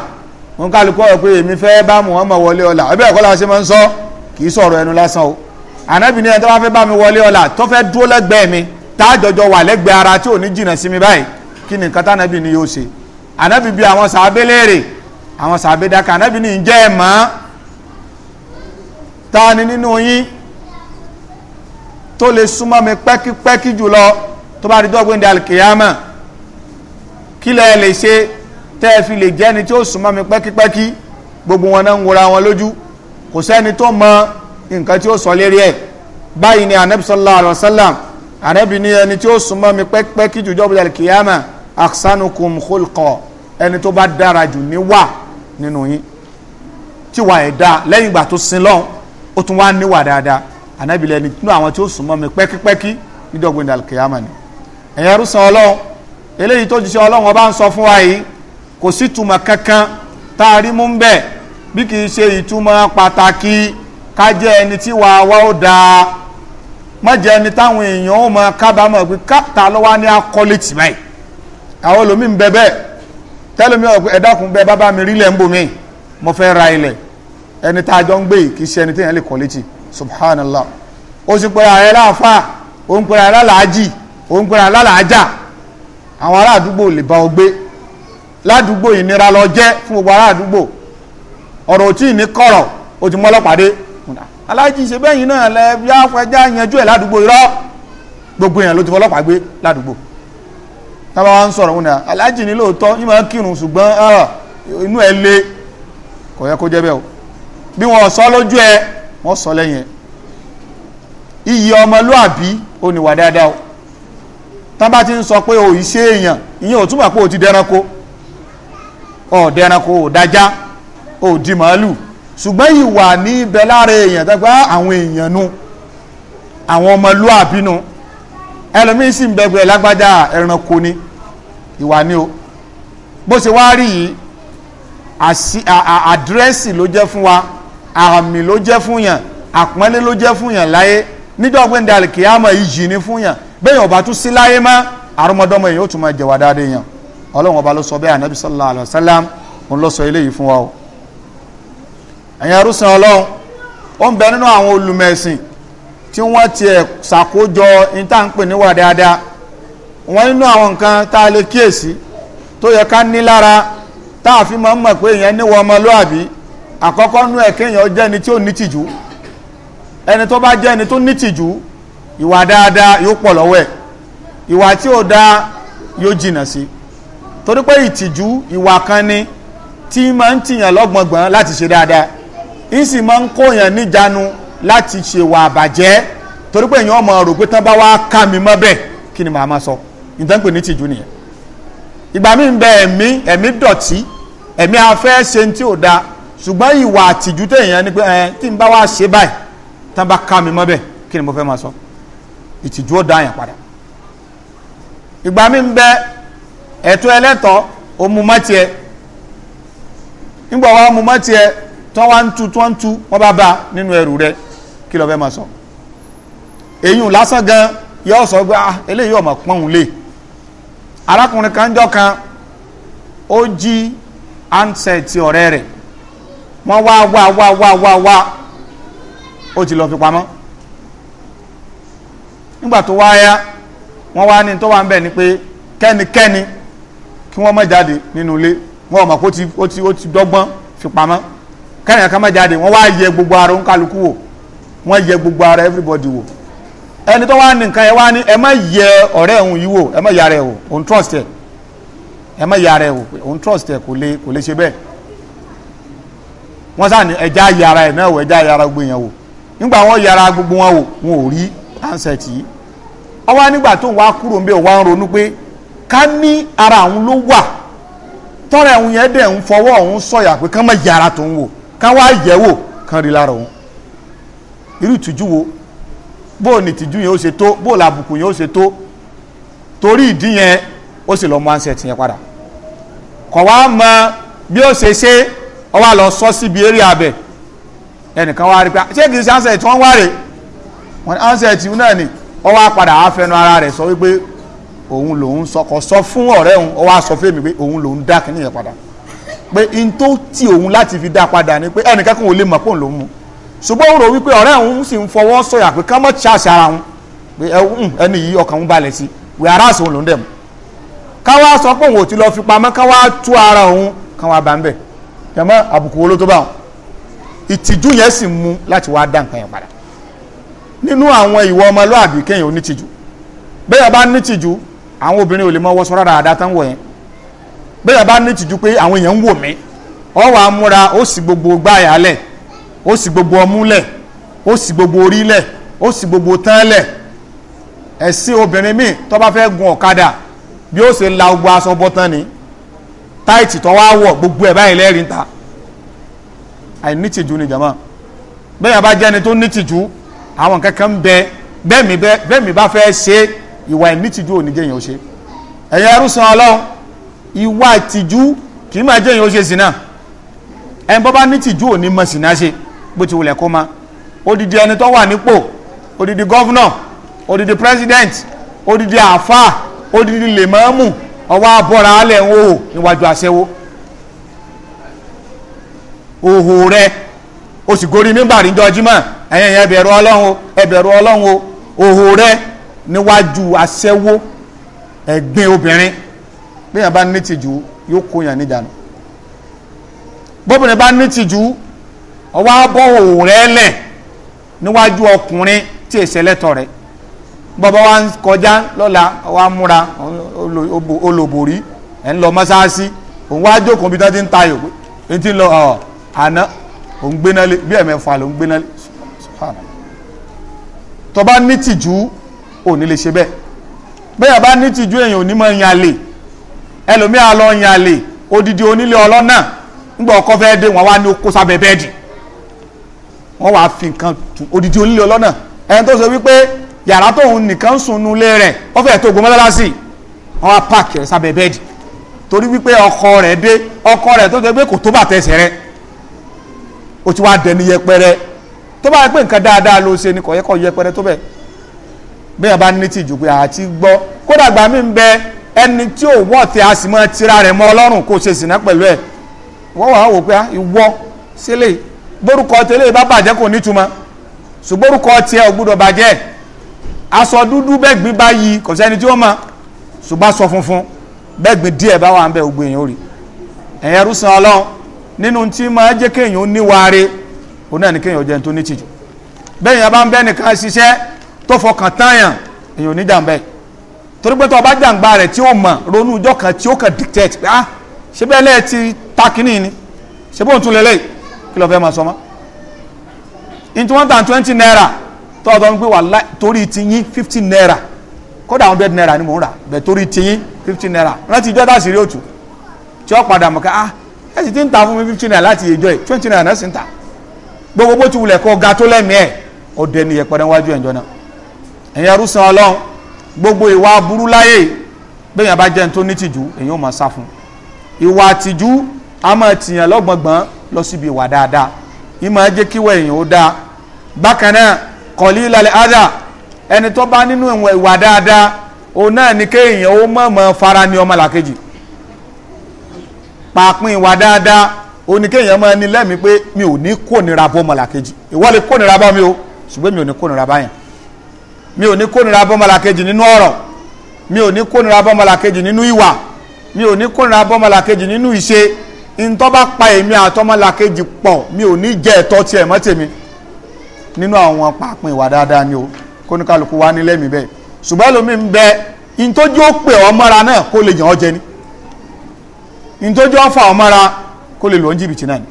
wọn kálukú ọ̀rọ̀ pé èmi fẹ́ bá Muhammad wọlé ọlà ẹbí ẹ̀kọ́ làwọn ṣe máa ń sọ kì í sọ̀rọ̀ ẹnu lásán o ànábì ní ẹni tó bá fẹ́ bá mi wọlé ọlà tó fẹ́ dúró lẹ́gbẹ̀ẹ́ mi tá a jọjọ wà lẹ́gbẹ̀ẹ́ ara tí ò ní jìnnà sí mi báyìí kí ni nǹkan tánábì ni yóò ṣe ànábì bí àwọn sàábé léèrè àwọn sàábé dákẹ́ ànábì ní ìjẹ́ ẹ̀ ta ni nínú yín tó lè súnmọ́ mi pẹ́kípẹ́kí jùlọ tó bá di dọ́gbìn dàlùkìyàmà kí lẹ́ẹ̀ lè ṣe tẹ́ ẹ fi lè jẹ́ ni tí ó súnmọ́ mi pẹ́kípẹ́kí gbogbo wọn náà ń wora wọn lójú kò sẹ́ni tó mọ nǹkan tí ó sọ lérí ẹ̀ báyìí ni anabi sallallahu alayhi wa sallam anabi ni ẹni tí ó súnmọ́ mi pẹ́kípẹ́kí jùjọ́ bí alikiyama aksanukum khulqa ẹni tó bá dára jù níwà nínú yín tíwà ẹ̀ dáa lẹ́yìn ìgbà tó sin lọ́hùn ó tún wá níwà dáadáa anabi lẹni nínú àwọn tí ó súnmọ́ mi pẹ́kípẹ́kí nídọ̀gbìn alikiyama ni ẹ̀yẹ́rú san ọlọ́run eléyìí tó jíṣẹ́ ọlọ́run ọba ń sọ fún wa yìí kò sí kankan tá a rí mú ń bẹ̀ bí kì ṣe ìtumọ̀ pàtàkì ká jẹ́ ẹni tí wàá wá ó dáa má ẹni táwọn èèyàn ó máa kábàámọ̀ pé káta lọ́wọ́ báyìí àwọn olómi ń bẹ bẹ́ẹ̀ ọ̀pẹ mi rí ilẹ̀ ń bò mí mo fẹ́ ra ilẹ̀ ẹni tá a jọ ń gbé yìí ṣe ẹni téèyàn lè subhanallah ó sì ẹ ládùúgbò ìnira lọ jẹ́ fún gbogbo ará àdúgbò ọ̀rọ̀ òtí ní kọ̀rọ̀ ó ti mú ọlọ́pàá dé aláàjì ṣe bẹ́yìn náà lẹ bí afẹ́já yanjú ẹ̀ ládùúgbò irọ́ gbogbo èèyàn ló ti fọlọ́pàá gbé ládùúgbò tábà wá ń sọ̀rọ̀ wọn náà aláàjì ní lóòótọ́ yín máa ń kírun ṣùgbọ́n inú ẹ le kò yẹ kó jẹ́ bẹ́ẹ̀ o bí wọ́n sọ lójú ẹ wọ́n sọ lẹ́yìn ẹ ọ̀dẹranko òdájá òdì màálù ṣùgbọ́n ìwà ní ibẹ̀ lára èèyàn tó gbá àwọn èèyàn nu àwọn ọmọlúàbí nu ẹlòmíín sì ń bẹgbẹ lágbájá ẹranko ni ìwà ni o bó ṣe wá rí yìí àdírẹ́sì ló jẹ́ fún wa àmì ló jẹ́ fún yàn àpọ́nlé ló jẹ́ fún yàn láyé níjọ́ gbẹ̀ndàlì kìí àmọ̀ ìjì ni fún yàn bẹ́ẹ̀ yàn ọba tún sí láyé mọ́ àrọ́mọdọ́mọ yìí ó tún máa jẹ̀wà dáadé yàn ọlọ́run ọba ló sọ bẹ́ẹ̀ anabi sallallahu alayhi wa sallam òun ló sọ eléyìí fún wa o ẹ̀yin arúsàn ọlọ́run ó ń bẹ nínú àwọn olùmẹ̀sìn tí wọ́n tiẹ̀ ṣàkójọ ìtànpè níwà dáadáa wọ́n nínú àwọn nǹkan tá a lè kíyèsí tó yẹ ká ní lára tá a fi máa ń mọ̀ pé èèyàn níwọ̀ ọmọlúàbí àkọ́kọ́ nú ẹ̀ kéèyàn jẹ́ ẹni tí ó ní ẹni tó bá jẹ́ ẹni tó ní ìwà dáadáa yóò pọ̀ lọ́wọ́ ẹ̀ ìwà tí ò dáa yóò jìnnà sí i torí pé ìtìjú ìwà kan ni tí máa ń tìyàn lọ́gbọ̀ngbọ̀n láti ṣe dáadáa ń sì máa ń kóyàn níjanu láti ṣèwà àbàjẹ́ torí pé èèyàn ọmọ rò pé tán bá wá ká mi mọ́ bẹ́ẹ̀ kí ni màá máa sọ nǹkan pè ní tìjú nìyẹn ìgbà mi ń bẹ ẹ̀mí ẹ̀mí dọ̀tí ẹ̀mí afẹ́ ṣe ń tí ò da ṣùgbọ́n ìwà àtìjú téèyàn ni pé ẹ tí n bá wá ṣe báyìí tán bá ká mi mọ́ bẹ́ẹ̀ kí ni mo fẹ́ máa sọ ìtìjú ó dá yẹn padà ìgbà mi ń bẹ ẹ̀tọ́ ẹlẹ́tọ̀ omumọ́tiẹ nígbà wa omumọ́tiẹ tọ́ wa ń tu tọ́ bá ba nínú ẹrù rẹ kí ma sọ èyí lásán gan sọ ah, eléyìí ọmọ pọ́n lè arákùnrin kan jọ kan ó jí wá wá wá wá wá wá ó ti lọ fi nígbà tó ni pé kí wọ́n má jáde nínú ilé wọ́n mọ̀ pé ó ti ó ti dọ́gbọ́n fi pamọ́ kẹ́yìn kan má jáde wọ́n wá yẹ gbogbo ara oníkálukú wò wọ́n yẹ gbogbo ara everybody wò ẹni tó wá ní nǹkan wá ní ẹ má yẹ ọ̀rẹ́ yìí wò ẹ yà wò òun trust ẹ̀ ẹ wò òun trust ẹ̀ kò lè wọ́n sá ní ẹja yàrá ẹ̀ náà wò ẹja yàrá gbogbo wọ́n yàrá ká ní ara àwọn ló wà tọ́ra ẹ̀hún yẹn dẹ̀ ń fọwọ́ ọ̀hún sọ̀yà pé kán má yàrá tó ń wò kán wá yẹ̀ wò kán rí lára òun irú ìtìjú wo bóò ní ìtìjú yẹn ó ṣe tó bóò làbùkù yẹn ó ṣe tó torí ìdí yẹn ó sì lọ mú ansẹ̀tì yẹn padà kọ̀ wá mọ bí ó ṣe ṣe ọ wá lọ sọ síbi eré abẹ ẹnìkan wá rí pé ṣé kìí ṣe ansẹ̀tì wọ́n wá rè náà ni ọ wá padà á fẹnu ara sọ wípé òun lòun sọkọ sọ fún ọ̀rẹ́ òun ó wá sọ fún èmi pé òun lòun dá kíní yẹn padà pé n tó ti òun láti fi dá padà ni pé ẹnìkan kò lè mọ̀ pé òun lòun mu ṣùgbọ́n òun rò wípé ọ̀rẹ́ òun sì ń fọwọ́ sọ̀yà pé ká mọ̀ ṣàṣà ara òun pé hmm, ẹni yìí ọkàn òun balẹ̀ sí wẹ̀ ara àṣọ òun lòun dẹ̀ mu ká wá sọ pé òun ò ti lọ fi pamọ́ ká wá tú ara òun ká wá bá ń bẹ̀ jẹ́mọ́ àbùkù wo ló tó bá wọn ìtìjú yẹn sì mú láti wá dá nǹkan yẹn padà nínú àwọn ìwọ ọmọlúwàbí kéèyàn onítìjú bẹ́ẹ̀ bá nítìjú àwọn obìnrin ò lè mọ wọṣọ rárá àdá tán wọ̀ yẹn bẹ́ẹ̀ bá ní tìjú pé àwọn èèyàn ń wò mí ọ wàá múra ó sì gbogbo gbáyà lẹ̀ ó sì gbogbo ọmú lẹ̀ ó sì gbogbo orí lẹ̀ ó sì gbogbo tán lẹ̀ ẹ̀sìn obìnrin míì tó bá fẹ́ gun ọ̀kadà bí ó ṣe la gbogbo aṣọ bọ́ ni táìtì tó wá wọ̀ gbogbo ẹ̀ báyìí lẹ́rìí ta àìnítìjú ni jàmá bẹ́ẹ̀ bá jẹ́ni tó nítìjú àwọn kankan ń bẹ bẹ́ẹ̀ mi bá fẹ́ ṣe é ìwà ìnítìjú ò ní jẹ́yìn ó ṣe ẹ̀yin arúsàn ọlọ́run ìwà ìtìjú kì í máa jẹ́yìn ó ṣe sí náà ẹni bọ́ bá nítìjú ò ní mọ̀ sí náà ṣe bó ti wulẹ̀ kó ma odidi ẹni tó wà nípò odidi gọ́vnọ̀ odidi president odidi àáfàá odidi lèmọ́ọ́mù ọwọ́ abọ́ra alẹ̀ ń hòhò níwájú aṣẹ́wó hòhò rẹ o sì gorí mímbàrí jọjímọ̀ ẹ̀yìn ẹ̀bẹ̀rù ọlọ́run ẹ̀bẹ̀rù ọlọ́run o hòhò rẹ níwájú aṣẹ́wó ẹ̀gbin obìnrin bẹ́ẹ̀ bá ní tìjú yóò kó yàn níjànú bóbìnrin bá ní tìjú ọwọ́ abọ́ òwò rẹ̀ lẹ̀ níwájú ọkùnrin tí èsè lẹ́tọ̀ rẹ̀ bọ́bá wa ń kọjá lọ́la wa múra olóborí ẹ̀ ń lọ mọ́sáàsì òun wá jókòó bí tán ti ń tayò pé èyí ti lọ àná òun gbéná bí ẹ̀mẹ́fà ló ń gbéná lé ní tìjú ò ní lè ṣe bẹ́ẹ̀ bẹ́ẹ̀ bá ní tìjú èèyàn ò ní odidi onílé ọlọ́nà ọkọ fẹ́ dé wọn wá ní okó sábẹ́ bẹ́ẹ̀dì tu odidi onílé ọlọ́nà ẹni tó wípé yàrá tóun nìkan sùn fẹ́ tó wá sábẹ́ bẹ́ẹ̀dì torí wípé ọkọ dé ọkọ tó kò tó ti wá dẹni yẹpẹrẹ tó bẹ́ẹ̀ bá ní tìjú pé àti gbọ́ kódà gbà mí ń bẹ ẹni tí ò wọ́ ti a sì mọ́ tira rẹ̀ mọ́ ọlọ́run kò ṣe sìnà pẹ̀lú ẹ̀ wọ́n wàá wò pé ah, ìwọ sílẹ̀ gbórúkọ tẹ́lẹ̀ bá bàjẹ́ kò nítumọ̀ ṣùgbórúkọ tiẹ̀ ò gbúdọ̀ bàjẹ́ aṣọ dúdú bá yí kò sẹ́ni tí ó mọ̀ ṣùgbọ́n aṣọ funfun bẹ́gbin díẹ̀ bá wà ń bẹ ògbó èèyàn rí ní kéèyàn jẹun tó fọkàn táyàn èyàn ò ní jàǹbá ẹ̀ torí pé tó o bá jàǹbá rẹ̀ tí ó mọ̀ ronú ọjọ́ kan tí ó kàn dictate ah ṣé bẹ́ẹ̀ lẹ́ẹ̀ ti ta ni ṣé bóun tún lè lẹ́yìn kí lọ́ọ́ fẹ́ máa sọ mọ́ into one thousand twenty naira tó o tọ́ ń pè wà torí ti yín fifteen naira kódà hundred naira ni mò ń rà bẹ̀ torí ti yín fifteen naira rántí ìjọ dá sí rí òtún tí ó padà mọ̀ ah ẹ sì ti ń ta fún mi fifteen naira láti ìjọ yìí twenty naira náà sì ń ta gbogbo bó ti wulẹ̀ kọ́ ga tó lẹ́mìí ẹ̀ ọ̀dẹ̀ ẹ̀yẹn rúsan ọlọ́run gbogbo ìwà burú láyé bẹ́yàn bá jẹ́ ní tó ní tìjú èyàn ò máa sá fún ìwà tìjú a máa tìyàn lọ́gbọ̀ngbọ̀n lọ síbi ìwà dáadáa ì máa jẹ́ kíwọ̀ èyàn ó dáa bákan náà kọ̀lí ìlàlẹ̀ ádà ẹni tó bá nínú ìwà dáadáa òun náà ni kéèyàn ó mọ̀ mọ́ fara ní ọmọlàkejì pàápín ìwà dáadáa ó ní kéèyàn máa ní lẹ́mìí pé mi ò ní kónira bọ́ ọmọlàkejì ìwọ lè kónira bá mi o ṣùgbọ́n mi ò ní kónira báyẹn mi ò ní kórìíra bọ́mọlàkejì nínú ọ̀rọ̀ mi ò ní kórìíra bọ́mọlàkejì nínú ìwà mi ò ní kórìíra bọ́mọlàkejì nínú ìṣe ntọ́ bá pa èmi àtọmọlàkejì pọ̀ mi ò ní jẹ́ ẹ̀tọ́ tiẹ̀ mọ́ tèmi nínú àwọn pàápín ìwà dáadáa ni o kóníkàlùkù wa nílẹ̀ mi bẹ́ẹ̀ ṣùgbọ́n ẹlòmíì ń bẹ ntójú ó pè ọ́ mọ́ra náà kó lè yàn ọ́ jẹ ni ntójú ó fà ọ́ mọ́ra kó lè lò ó ń jìbìtì náà ni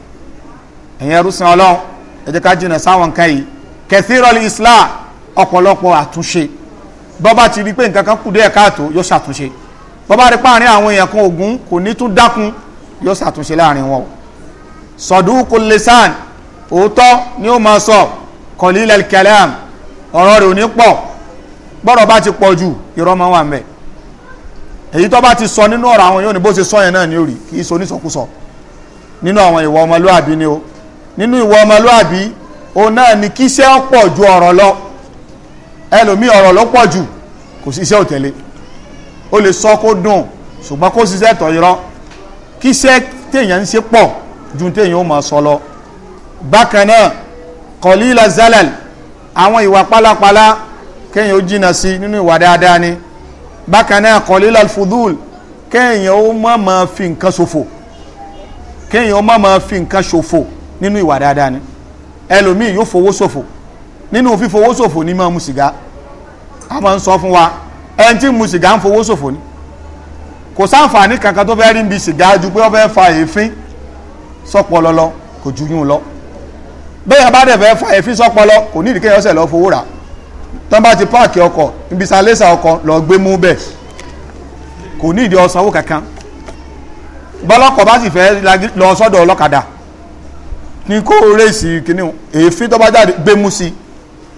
ẹ̀yin ẹrú sin ọlọ́run ẹ ká jìnnà sáwọn nǹkan yìí kẹsìrọ̀lì islam ọ̀pọ̀lọpọ̀ àtúnṣe bọ́bá ti rí pé nǹkan kan kù díẹ̀ káàtó yóò ṣàtúnṣe bọ́bá rí páàrin àwọn èèyàn kan ògún kò ní tún dákun yóò ṣàtúnṣe láàrin wọn o sọdún kò lè sàn òótọ́ ni ó máa sọ kọ̀lílẹ̀ kẹlẹ́m ọ̀rọ̀ rẹ̀ ò ní pọ̀ bọ́rọ̀ bá ti pọ̀ ju irọ́ máa wà ń bẹ̀ èyí tó bá ti sọ nínú ọ̀rọ̀ àwọn yóò ní bó ṣe sọ yẹn náà ní òrì kì í so onísọkúsọ ẹlòmí ọ̀rọ̀ ló pọ̀ jù kò sí iṣẹ́ òtẹ̀lé ó lè sọ kó dùn ṣùgbọ́n kó ṣiṣẹ́ tọ̀ irọ́ kí iṣẹ́ téèyàn ń ṣe pọ̀ ju téèyàn ó máa sọ lọ bákan náà kọ̀lílà zalal àwọn ìwà pálapàla kéèyàn ó jìnnà sí nínú ìwà dáadáa ni bákan náà kọ̀lílà fudul kéèyàn ó má máa fi nǹkan ṣòfò kéèyàn ó má máa fi nǹkan ṣòfò nínú ìwà dáadáa ni ẹlòmíì yóò fowó ṣòfò nínú fífowó ṣòfò ní máa mu sìgá a máa ń sọ fún wa ẹni tí mu sìgá ń fowó ṣòfò ni kò sáǹfààní kankan tó fẹ́ rí bí sìgá ju pé ó fẹ́ fa èéfín sọ́pọ̀ lọ́lọ́ kò ju yún un lọ bẹ́ẹ̀ bá dẹ̀ fẹ́ fa èéfín sọ́pọ̀ lọ kò ní ìdíkẹ́ ọ̀sẹ̀ lọ fowó rà tán bá ti páàkì ọkọ̀ ibi sàlẹ́sà ọkọ̀ lọ gbé mú bẹ́ẹ̀ kò ní ìdí ọ̀sánwó kankan bọ́lọ́kọ̀ bá sì fẹ́ lọ sọ́dọ̀ ọlọ́kadà ní kó rèsì kìnìún èéfín tó bá jáde gbé mú sí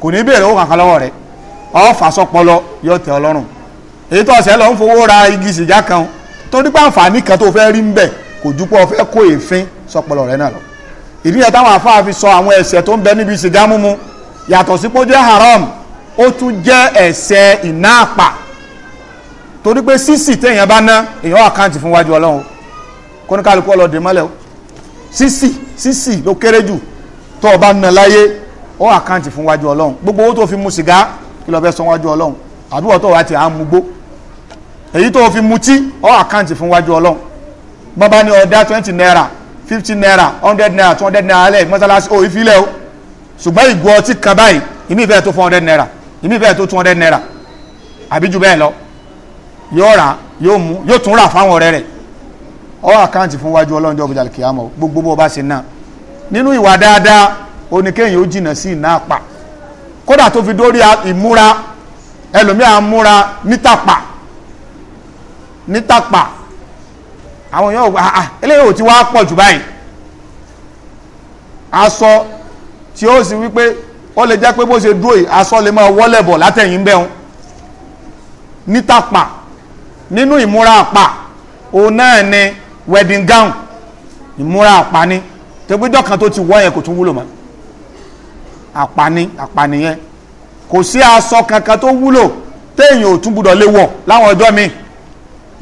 kò ní bèèrè owó kankan lọ́wọ́ rẹ̀ ọ̀fà sọpọlọ yóò tẹ ọlọ́run èyí tó ọ̀sẹ̀ lọ ń fowó ra igi sìgá kan torí pé àǹfààní kan tó fẹ́ rí ń bẹ̀ kò ju pé ọ̀fẹ́ kó èéfín sọpọlọ rẹ náà lọ ìdí yẹn táwọn afáà fi sọ àwọn ẹ̀ṣẹ̀ tó ń bẹ níbi sìgá mímu yàtọ̀ sí pé ó jẹ́ haram ó tún jẹ́ ẹ̀ṣẹ̀ ìná àpà torí pé sísì téèyàn bá ná èèyàn àkáǹtì fún wájú ọlọ́run kóníkàlùkù ọlọ́dẹ mọ́lẹ̀ o sísì sísì ló kéré jù tó o bá ná láyé ó àkáǹtì fún wájú ọlọ́run gbogbo owó tó fi mu sìgá kí ló fẹ́ sọ wájú ọlọ́run àbí wọ́n tó wá ti à ń mugbó èyí tó fi mutí ọ́ àkáǹtì fún wájú ọlọ́run bọ́n bá ọ̀dá twenty naira fifty naira hundred naira two hundred naira alẹ́ mọ́sálásí ò ìfilẹ̀ o ṣùgbọ́n ìgò ọtí kan báyìí ìmí ìfẹ́ tó four hundred naira ìmí ìfẹ́ tó two hundred naira àbí jù bẹ́ẹ̀ lọ yóò rà yóò mú yóò tún rà fáwọn ọ̀rẹ́ rẹ̀ ọ́ àkáǹtì fún wájú ọlọ́run jọ́ bìjàlì kìámọ̀ gbogbo bó o bá ṣe náà nínú ìwà dáadáa oníkéyìn ó jìnnà sí ìná àpà kódà tó fi dórí ìmúra ẹlòmíà múra nítàpà nítàpà àwọn èèyàn ògbà àà ah, ah, eléyìí ò ti wá pọ̀ jù báyìí aṣọ tí ó sì wípé ó lè jẹ́ pé bó ṣe dúró yìí aṣọ lè máa wọ́lẹ̀ bọ̀ látẹ̀yìn bẹ́hùn nítàpà nínú ìmúra àpà òun náà ni wedding gown ìmúra àpà ni tẹ́gbẹ́jọ́ kan tó ti wọ́ yẹn kò tún wúlò mọ́ àpani àpaniyẹn kò sí aṣọ kankan tó wúlò téèyàn ò tún gbúdọ̀ lè wọ̀ láwọn ọjọ́ mi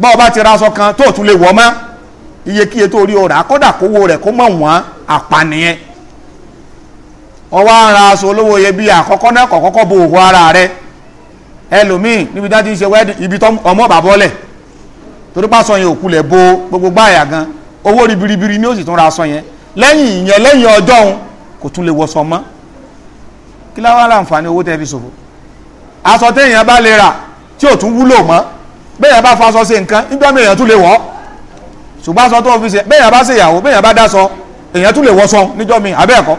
bọ́ọ̀ bá ti ra aṣọ kan tó tún lè wọ̀ mọ́ iyekíye tó rí ọ̀rà kódà kówó rẹ̀ kó mọ̀ wọ́n àpaniyẹn wọ́n wá ń ra aṣọ olówó iyebíye àkọ́kọ́ náà kọ̀kọ́kọ́ bo òwò ara rẹ̀ ẹlòmíì níbi tí wọ́n ti ń ṣe wẹ́ẹ̀dì ibi tó ọmọ bàbọ́ lẹ̀ torí pa aṣọ yẹn òkú lẹ̀ bo gbogbo gbáàyà gan owó ribiribiri ni ó sì tún ra aṣọ yẹn lẹ́yìn ìyẹn lẹ́yìn ọjọ́ òun kò tún lè wọṣọ mọ́ kí láwọn aláǹfààní owó tẹ́ fi ṣòfò aṣọ téèyàn bá lè rà tí ò tún wúlò mọ́ béèyàn bá faṣọ ṣe nǹkan nígbà mìíràn tún lè wọ̀ ṣùgbọ́n aṣọ tó fi ṣe béèyàn bá ṣèyàwó béèyàn bá dáṣọ èèyàn tún lè wọṣọ níjọ́ mi àbẹ́ẹ̀kọ́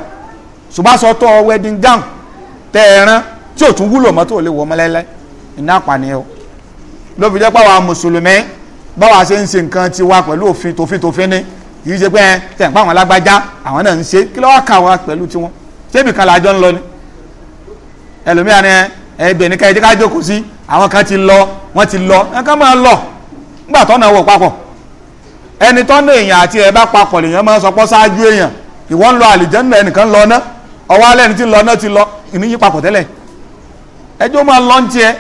ṣùgbọ́n aṣọ tó wedding gown tẹ́ ẹ rán tí ò tún wúlò mọ́ tó lè wọ̀ mọ́ lẹ́lẹ́ iná pàniyàn ló fi jẹ́ pé àwọn mùsùlùmí báwa ṣe ń ṣe nǹkan tiwa pẹ̀lú òfin tòfin tòfin ni kì í ṣe pé ẹ tẹ̀ ń pa àwọn alágbájá àwọn náà ń ṣe kí ló wá kà wá pẹ̀lú tiwọn ṣébìkan làjọ ń lọ ni ẹlòmíà ni ẹbẹ̀ ní káyọ̀dé ká jókòó sí àwọn kan ti lọ wọ́n ti lọ ẹ kàn máa lọ nígbà tó náà wọ̀ papọ̀ ẹni tó náà èèyàn àti ẹ bá papọ̀ lèèyàn máa sọ pọ́ ṣáájú èèyàn ìwọ ń lọ àlìjẹ́nà ẹnìkan lọ ná ọwọ́ alẹ́ ẹni tí ń lọ ná ti lọ ìníyí papọ̀ tẹ́lẹ̀ ẹjọ́ máa lọ ń tiẹ̀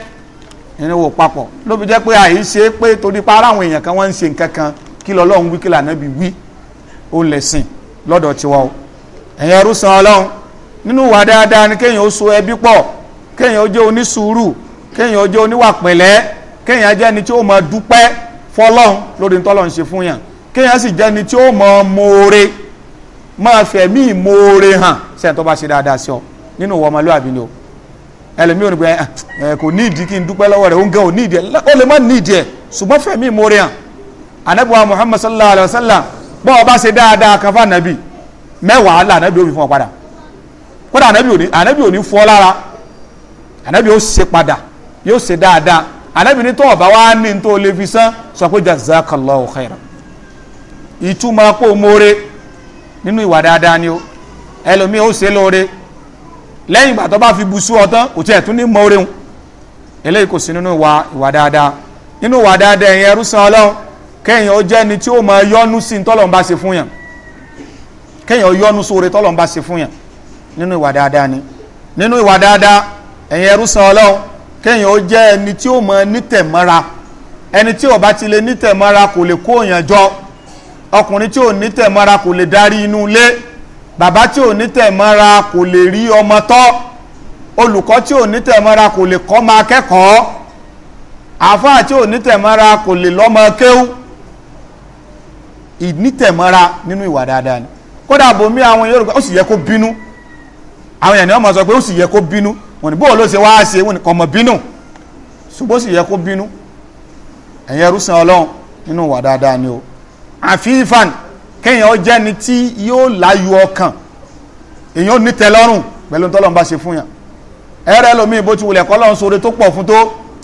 ẹni wò papọ̀ ló fi jẹ́ pé àyè ṣe é pé torí pa ara àwọn èèyàn kan wọ́n ń ṣe nǹkan kan kí lọ́lọ́run wí kí lànà bí wí ó lẹ̀sìn lọ́dọ̀ tiwa o ẹrú san ọlọ́run nínú ìwà dáadáa ni kéèyàn ó so ẹbí pọ̀ kéèyàn ó jẹ́ onísùúrù kéèyàn ó jẹ́ oníwà pẹ̀lẹ́ kéèyàn jẹ́ ẹni tí ó mọ dúpẹ́ fọlọ́hún lórí tọ́lọ́hún ṣe fún yàn kéèyàn sì jẹ́ ẹni tí ó mọ moore máa fẹ̀mí ìmoore hàn sẹ́yìn tó bá ṣe dáadáa sí ọ nínú ìwà ọmọlúwàbí ni o ẹlòmíì òní pé ah, ẹ kò ní ìdí kí n dúpẹ́ lọ́wọ́ rẹ̀ ó ń gan ò ní ìdí ẹ̀ ó lè má ní ìdí ẹ̀ ṣùgbọ́n fẹ̀mí ìmoore hàn anabiwa Muhammad sallallahu alayhi wa sallam bọ́ọ̀ bá ṣe dáadáa kan fún anabi mẹ́wàá là anabi ó fi fún ọ padà kódà ànábì ò ní ò ní fọ́ lára ànábì ó ṣe padà yóò ṣe dáadáa ànábì ní tó wa ní tó lè fi sán sọ pé ìtumọ̀ nínú ìwà dáadáa ni ó o ó ṣe lóore lẹ́yìn ìgbà tó bá fi bu ọtán kò tiẹ̀ tún ní wọn eléyìí kò sí nínú ìwà ìwà dáadáa nínú ìwà dáadáa ẹ̀yìn ẹrú san ó jẹ́ tí ó sí bá ṣe fún yàn ó sóore bá ṣe fún yàn nínú ìwà dáadáa ni nínú ìwà dáadáa ẹ̀yin ẹrú san ọlọ́run kéèyàn ó jẹ́ ẹni tí ó mọ nítẹ̀mọ́ra ẹni tí ò bá ti lè nítẹ̀mọ́ra kò lè kó èèyàn jọ ọkùnrin tí ò nítẹ̀mọ́ra kò lè darí inú ilé bàbá tí ò nítẹ̀mọ́ra kò lè rí ọmọ tọ́ olùkọ́ tí ò nítẹ̀mọ́ra kò lè kọ́ máa kẹ́kọ̀ọ́ àáfàá tí ò nítẹ̀mọ́ra kò lè lọ́mọ kéwú ìnítẹ̀mọ́ra nínú ìwà dáadáa ni kódà bòmí àwọn Yorùbá ó sì yẹ kó bínú àwọn èèyàn ni wọ́n mọ̀ sọ pé ó sì yẹ kó bínú wọ́n ní bóòló ṣe wáá ṣe wọ́n ní kàn mọ̀ bínú ṣùgbọ́n ó sì yẹ kó bínú ẹ̀yẹ rúṣan ọlọ́run nínú wà dáadáa ni o àfihàn kéèyàn ó ni tí yóò láyọ̀ ọkàn èèyàn ò pẹ̀lú tọ́lọ́run bá ṣe fún yàn ẹ̀rẹ́ lomi bó ti wulẹ̀ kọ́lọ́run sóore tó pọ̀ fún tó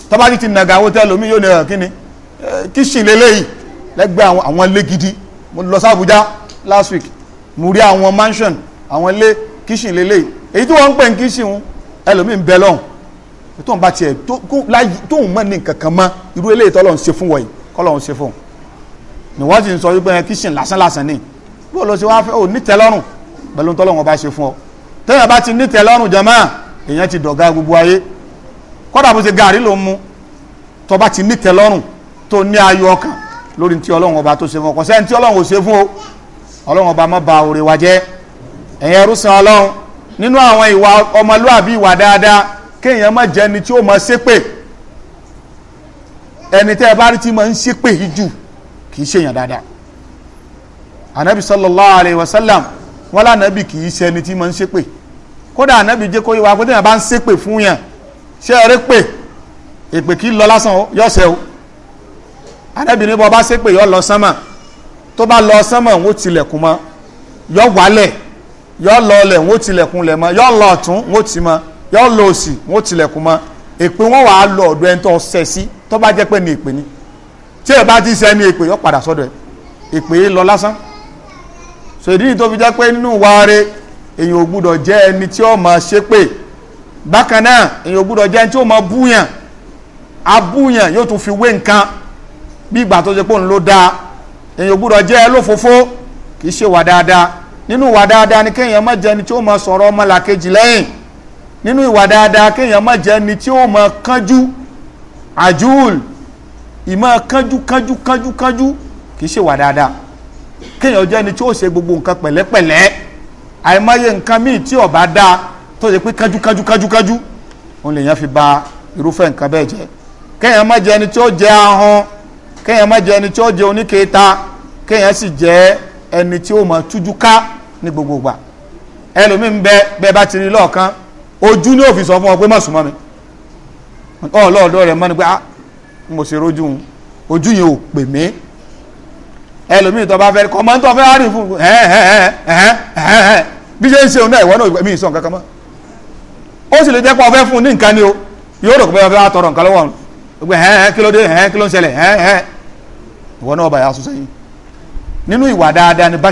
tọ́ba ti nàgà àwọn tẹ́ lomi yóò ní ẹ̀ kíni kíṣìn lélẹ́yìí lẹ́gbẹ̀ẹ́ àwọn ilé gidi mo lọ sí Àbújá last week mo rí àwọn mansion àwọn ilé kíṣìn lélẹ́yìí èyí tí wọ́n ń pè ń kí sí wọn ẹlòmíì ń bẹ lọ́hùn tó ń bá tiẹ̀ tó ń mọ̀ ní nǹkan kan mọ́ irú eléyìí tọ́lọ́ ń ṣe fún wọ̀nyí kọ́lọ́ ń ṣe fún un ni wọ́n sì ń sọ wípé kí sìn lásán lásán ni bó ló ṣe wá fẹ́ ò nítẹ́lọ́rùn pẹ̀lú tọ́lọ́ wọn bá ṣe fún ọ tẹ́yìn bá ti nítẹ́lọ́rùn jama èèyàn ti dọ̀gá gbogbo ayé kọ́dà bó ṣe gàrí ló ń mu tó bá ti nítẹ́lọ́rùn tó ní ayọ̀ ọkàn lórí ti ọlọ́run ọba tó ṣe fún ọ kò sẹ́ni tí ọlọ́run ò ṣe fún ọ ọlọ́run ọba má ba òrè wa jẹ́ san ọlọ́run nínú àwọn ìwà ọmọlúàbí ìwà dáadáa kéèyàn má jẹ́ ẹni tí ó mọ ṣépè ẹni tẹ́ ẹ bá rí tí mo ń ṣépè yìí jù kì í ṣèyàn dáadáa anabi sallallahu alayhi wa sallam wọn lànàbì kì í ṣe ẹni tí mo ń ṣépè kódà anabi jẹ́ kó yíwa kódà bá ń ṣépè fún yàn ṣé ẹ rí pè èpè kì í lọ lásán yọ̀ọ̀ṣẹ́ o anabi ní bọ́ bá ṣépè yọ lọ sánmà tó bá lọ sánmà ń ó tilẹ̀kùn mọ́ yọ wálẹ̀ yọ lọ ọlẹ̀ wọ́n tilẹ̀kùn lẹ̀ mọ́ yọ lọ ọ̀tún wọ́n ti mọ́ yọ lọ òsì wọ́n tilẹ̀kùn mọ́ èpè wọn wàá lọ ọ̀dọ̀ ẹni tó ṣẹ̀ sí tó bá jẹ́ pé ní èpè ni tí ẹ bá ti ṣe ẹni èpè yọ padà sọ́dọ̀ ẹ èpè lọ lásán so ìdí tó fi jẹ́ pé nínú wàre èyàn ò gbúdọ̀ jẹ́ ẹni tí ó máa ṣépè bákan náà èyàn ò gbúdọ̀ jẹ́ ẹni tí ó máa búyàn abúyàn yóò tún fi wé nǹkan bí ìgbà tó ṣe pé òun ló dáa èyàn ò gbúdọ̀ jẹ́ ẹ lófòófó kì í ṣe wà dáadáa nínú ìwà dáadáa ni kéèyàn má jẹ́ ni tí ó máa sọ̀rọ̀ ọmọlàkejì lẹ́yìn nínú ìwà dáadáa kéèyàn má jẹ́ ni tí ó máa kánjú àjúùl ìmọ̀ kánjú kánjú kánjú kánjú kì í ṣe wà dáadáa kéèyàn jẹ́ ni tí ó ṣe gbogbo nǹkan pẹ̀lẹ́pẹ̀lẹ́ àìmọye nǹkan míì tí ó bá dáa tó ṣe pé kánjú kánjú kánjú kánjú òun lèèyàn fi ba irúfẹ́ nǹkan bẹ́ẹ̀ jẹ́ kéèyàn má jẹ́ ni tí ó jẹ́ ahọ́n kéèyàn má jẹ́ ni tí ó jẹ́ oníkeeta kéèyàn sì jẹ́ ẹni tí ó mọ tújú ká ní gbogbo ìgbà ẹlòmíín bẹ bẹ bá ti rí lọ́ọ̀kan ojú ní òfin sọ fún ọ pé má sùn mọ́ mi ọlọ́ọ̀dọ́ rẹ̀ mọ́ ni pé ah mo ṣe rojú un ojú yẹn ò pè mí ẹlòmíín tó bá fẹ́ kọ́mọ́ tó fẹ́ rárìn fún ẹ̀hẹ́n bí ṣe ń ṣe òun náà ìwọ náà mi ì sọ nǹkan kan mọ́ ó sì lè jẹ́ pé ọ fún un ní nǹkan ni o yóò rò pé ọ fẹ́ wá tọrọ nǹkan lọ́wọ́ gbẹ hẹ́hẹ́ kí ló dé hẹ́hẹ́ kí ló ń ṣẹlẹ̀ hẹ́hẹ́ ìwọ náà ọba yà sọ sẹ́yìn nínú ìwà dáadáa ni bá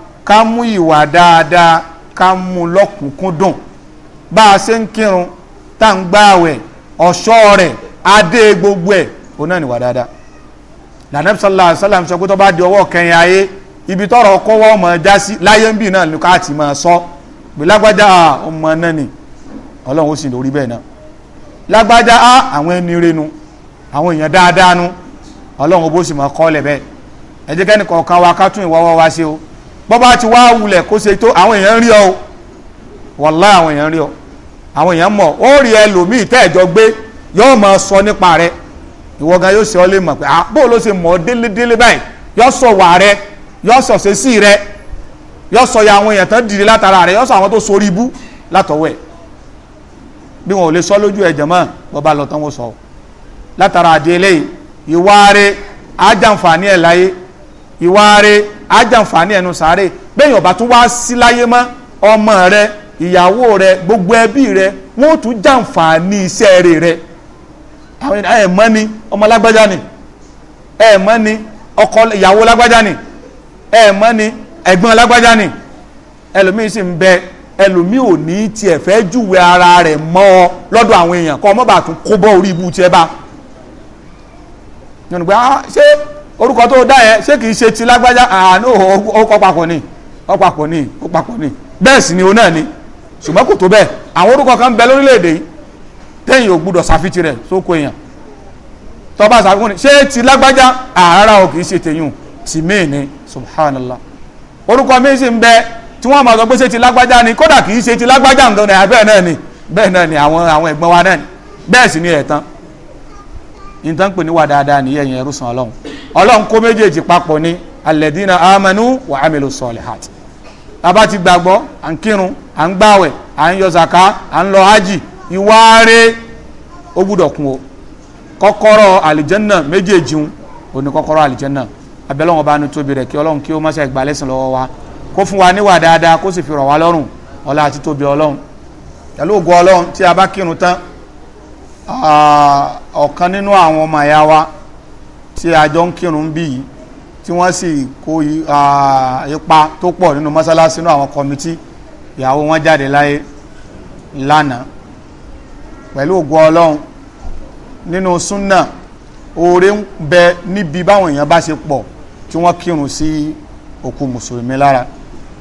ká mú ìwà dáadáa ká mú lọ́kùnkúndùn bá a ṣe ń kírun tá à ń gbààwẹ̀ ọ̀ṣọ́ rẹ̀ adé gbogbo ẹ̀ òun náà níwà dáadáa lànà sallallahu alaihi wasallam sọ pé tó bá di ọwọ́ kẹyìn ayé ibi tọrọ kọwọ́ ọmọ já sí láyé ń bì náà ní ká ti máa sọ pé lágbájá ọmọ náà ni ọlọ́run ó sì lórí bẹ́ẹ̀ náà lágbájá àwọn ẹni renu àwọn èèyàn dáadáa nu ọlọ́run ó bó sì máa kọ́ lẹ̀ bẹ́ẹ̀ ẹ kẹ́ni kọ̀ọ̀kan wa ká tún ìwọ́wọ́ wa ṣe o bọ́bá ti wá wulẹ̀ kó ṣe tó àwọn èèyàn rí ọ o wọ́lá àwọn èèyàn rí ọ àwọn èèyàn mọ̀ ó rí ẹlòmíì tẹ́ẹ̀jọ gbé yóò máa sọ nípa rẹ ìwọ gan yóò ṣe ọ lè mọ̀ pé àbó ló ṣe mọ̀ ọ́ délédélé báyìí yóò sọ wà rẹ yóò sọ ṣe sí rẹ yóò sọ ya àwọn èèyàn tán dìde látara rẹ yóò sọ àwọn tó sorí ibú látọwọ́ bí wọn ò lè sọ lójú ẹ̀jẹ̀ mọ́ bọ́bá lọ tán wọ́n sọ látara àdé eléyìí ìwà rẹ ẹ̀ láyé ìwà ajànfààní ẹnu sáré bẹ́ẹ̀ yọ̀bá tún wá sí láyé mọ́ ọmọ rẹ ìyàwó rẹ gbogbo ẹbí rẹ wọn ò tún jàǹfààní iṣẹ́ rẹ rẹ àwọn ènìyàn ni ọmọ lágbájá ni ni ọkọ ìyàwó lágbájá ni ni ẹ̀gbọ́n lágbájá ara rẹ̀ mọ́ ọ lọ́dọ̀ àwọn èèyàn kọ́ ọmọ bàtún kó bọ́ orí tiẹ̀ bá. yọ̀nùgbà ah, ṣé orúkọ tó dá yẹn ṣé kìí ṣe ti lágbájá àánú ah, ọkọ papọ̀ ni ọpapọ̀ ni ni bẹ́ẹ̀ sì ni òun náà ni ṣùgbọ́n kò tó bẹ́ẹ̀ àwọn orúkọ kan bẹ lórílẹ̀‐èdè yìí téèyàn ò gbúdọ̀ rẹ̀ sóko èèyàn tọ́ba ni ṣé ti lágbájá àárá ah, o kìí ṣe sì ni subhanallah orúkọ míì sì ń bẹ tí wọ́n máa sọ ti lágbájá ni kódà kìí ṣe ti lágbájá nǹkan nǹkan pè ní wà dáadáa nìyẹn yẹn rúsan ọlọ́run ọlọ́run kó méjèèjì papọ̀ ní alẹ́dínà amanu wà ámìlú sọ̀lẹ̀hàt abá ti gbàgbọ́ à ń kírun à ń gbàwẹ̀ à ń yọ zaka à ń lọ hajj ìwáre ó gbúdọ̀ kún o kọ́kọ́rọ́ àlìjẹ́nà méjèèjì ń òní kọ́kọ́rọ́ àlìjẹ́nà abẹ́lẹ́wọ̀n bá nu tóbi rẹ̀ kí ọlọ́run kí ó máṣe ìgbà lẹ́sìn lọ́wọ́ wa kó fún wa níwà dáadáa kó sì fi rọ̀ wá lọ́rùn ọlá àti tóbi ọlọ́run pẹ̀lú ògo ọlọ́run tí a bá kírun tán Ah, ọ̀kan nínú àwọn ọmọ ẹ̀yà wa tí a jọ ń kírun bí yìí tí wọ́n sì kó ah, ipa tó pọ̀ nínú mọ́sálásí nínú àwọn kọmití ìyàwó wọn jáde láyé lánàá pẹ̀lú ògo ọlọ́run nínú súnà oore ń bẹ níbi báwọn èèyàn bá ṣe pọ̀ tí wọ́n kírun sí òkú mùsùlùmí lára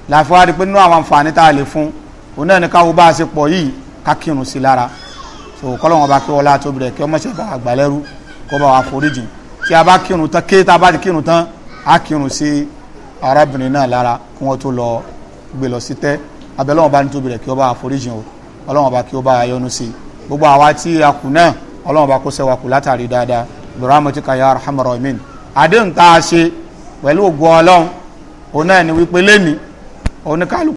láfi wá pé nínú àwọn àǹfààní tá a lè fún òun náà ní káwọ́ bá a ṣe pọ̀ yìí ká kírun sí lára so kọ́lọ́wọ́n bá kí ọlá tóbi rẹ̀ kí ọmọ ṣẹ̀fà àgbàlẹ́rú kó bá wa foríjì tí a bá kírun tán ké tá a bá ti kírun tán a kírun sí arábìnrin náà lára kí wọ́n tó lọ gbé lọ sí tẹ́ abẹ́lẹ́wọ̀n bá ní tóbi rẹ̀ kí ó bá wa foríjì o ọlọ́wọ́n bá kí ó bá wa yọ́nú sí gbogbo àwa tí a kù náà ọlọ́wọ́n bá kó ṣe kù látàrí dáadáa ni wípé lẹ́ni oníkálukú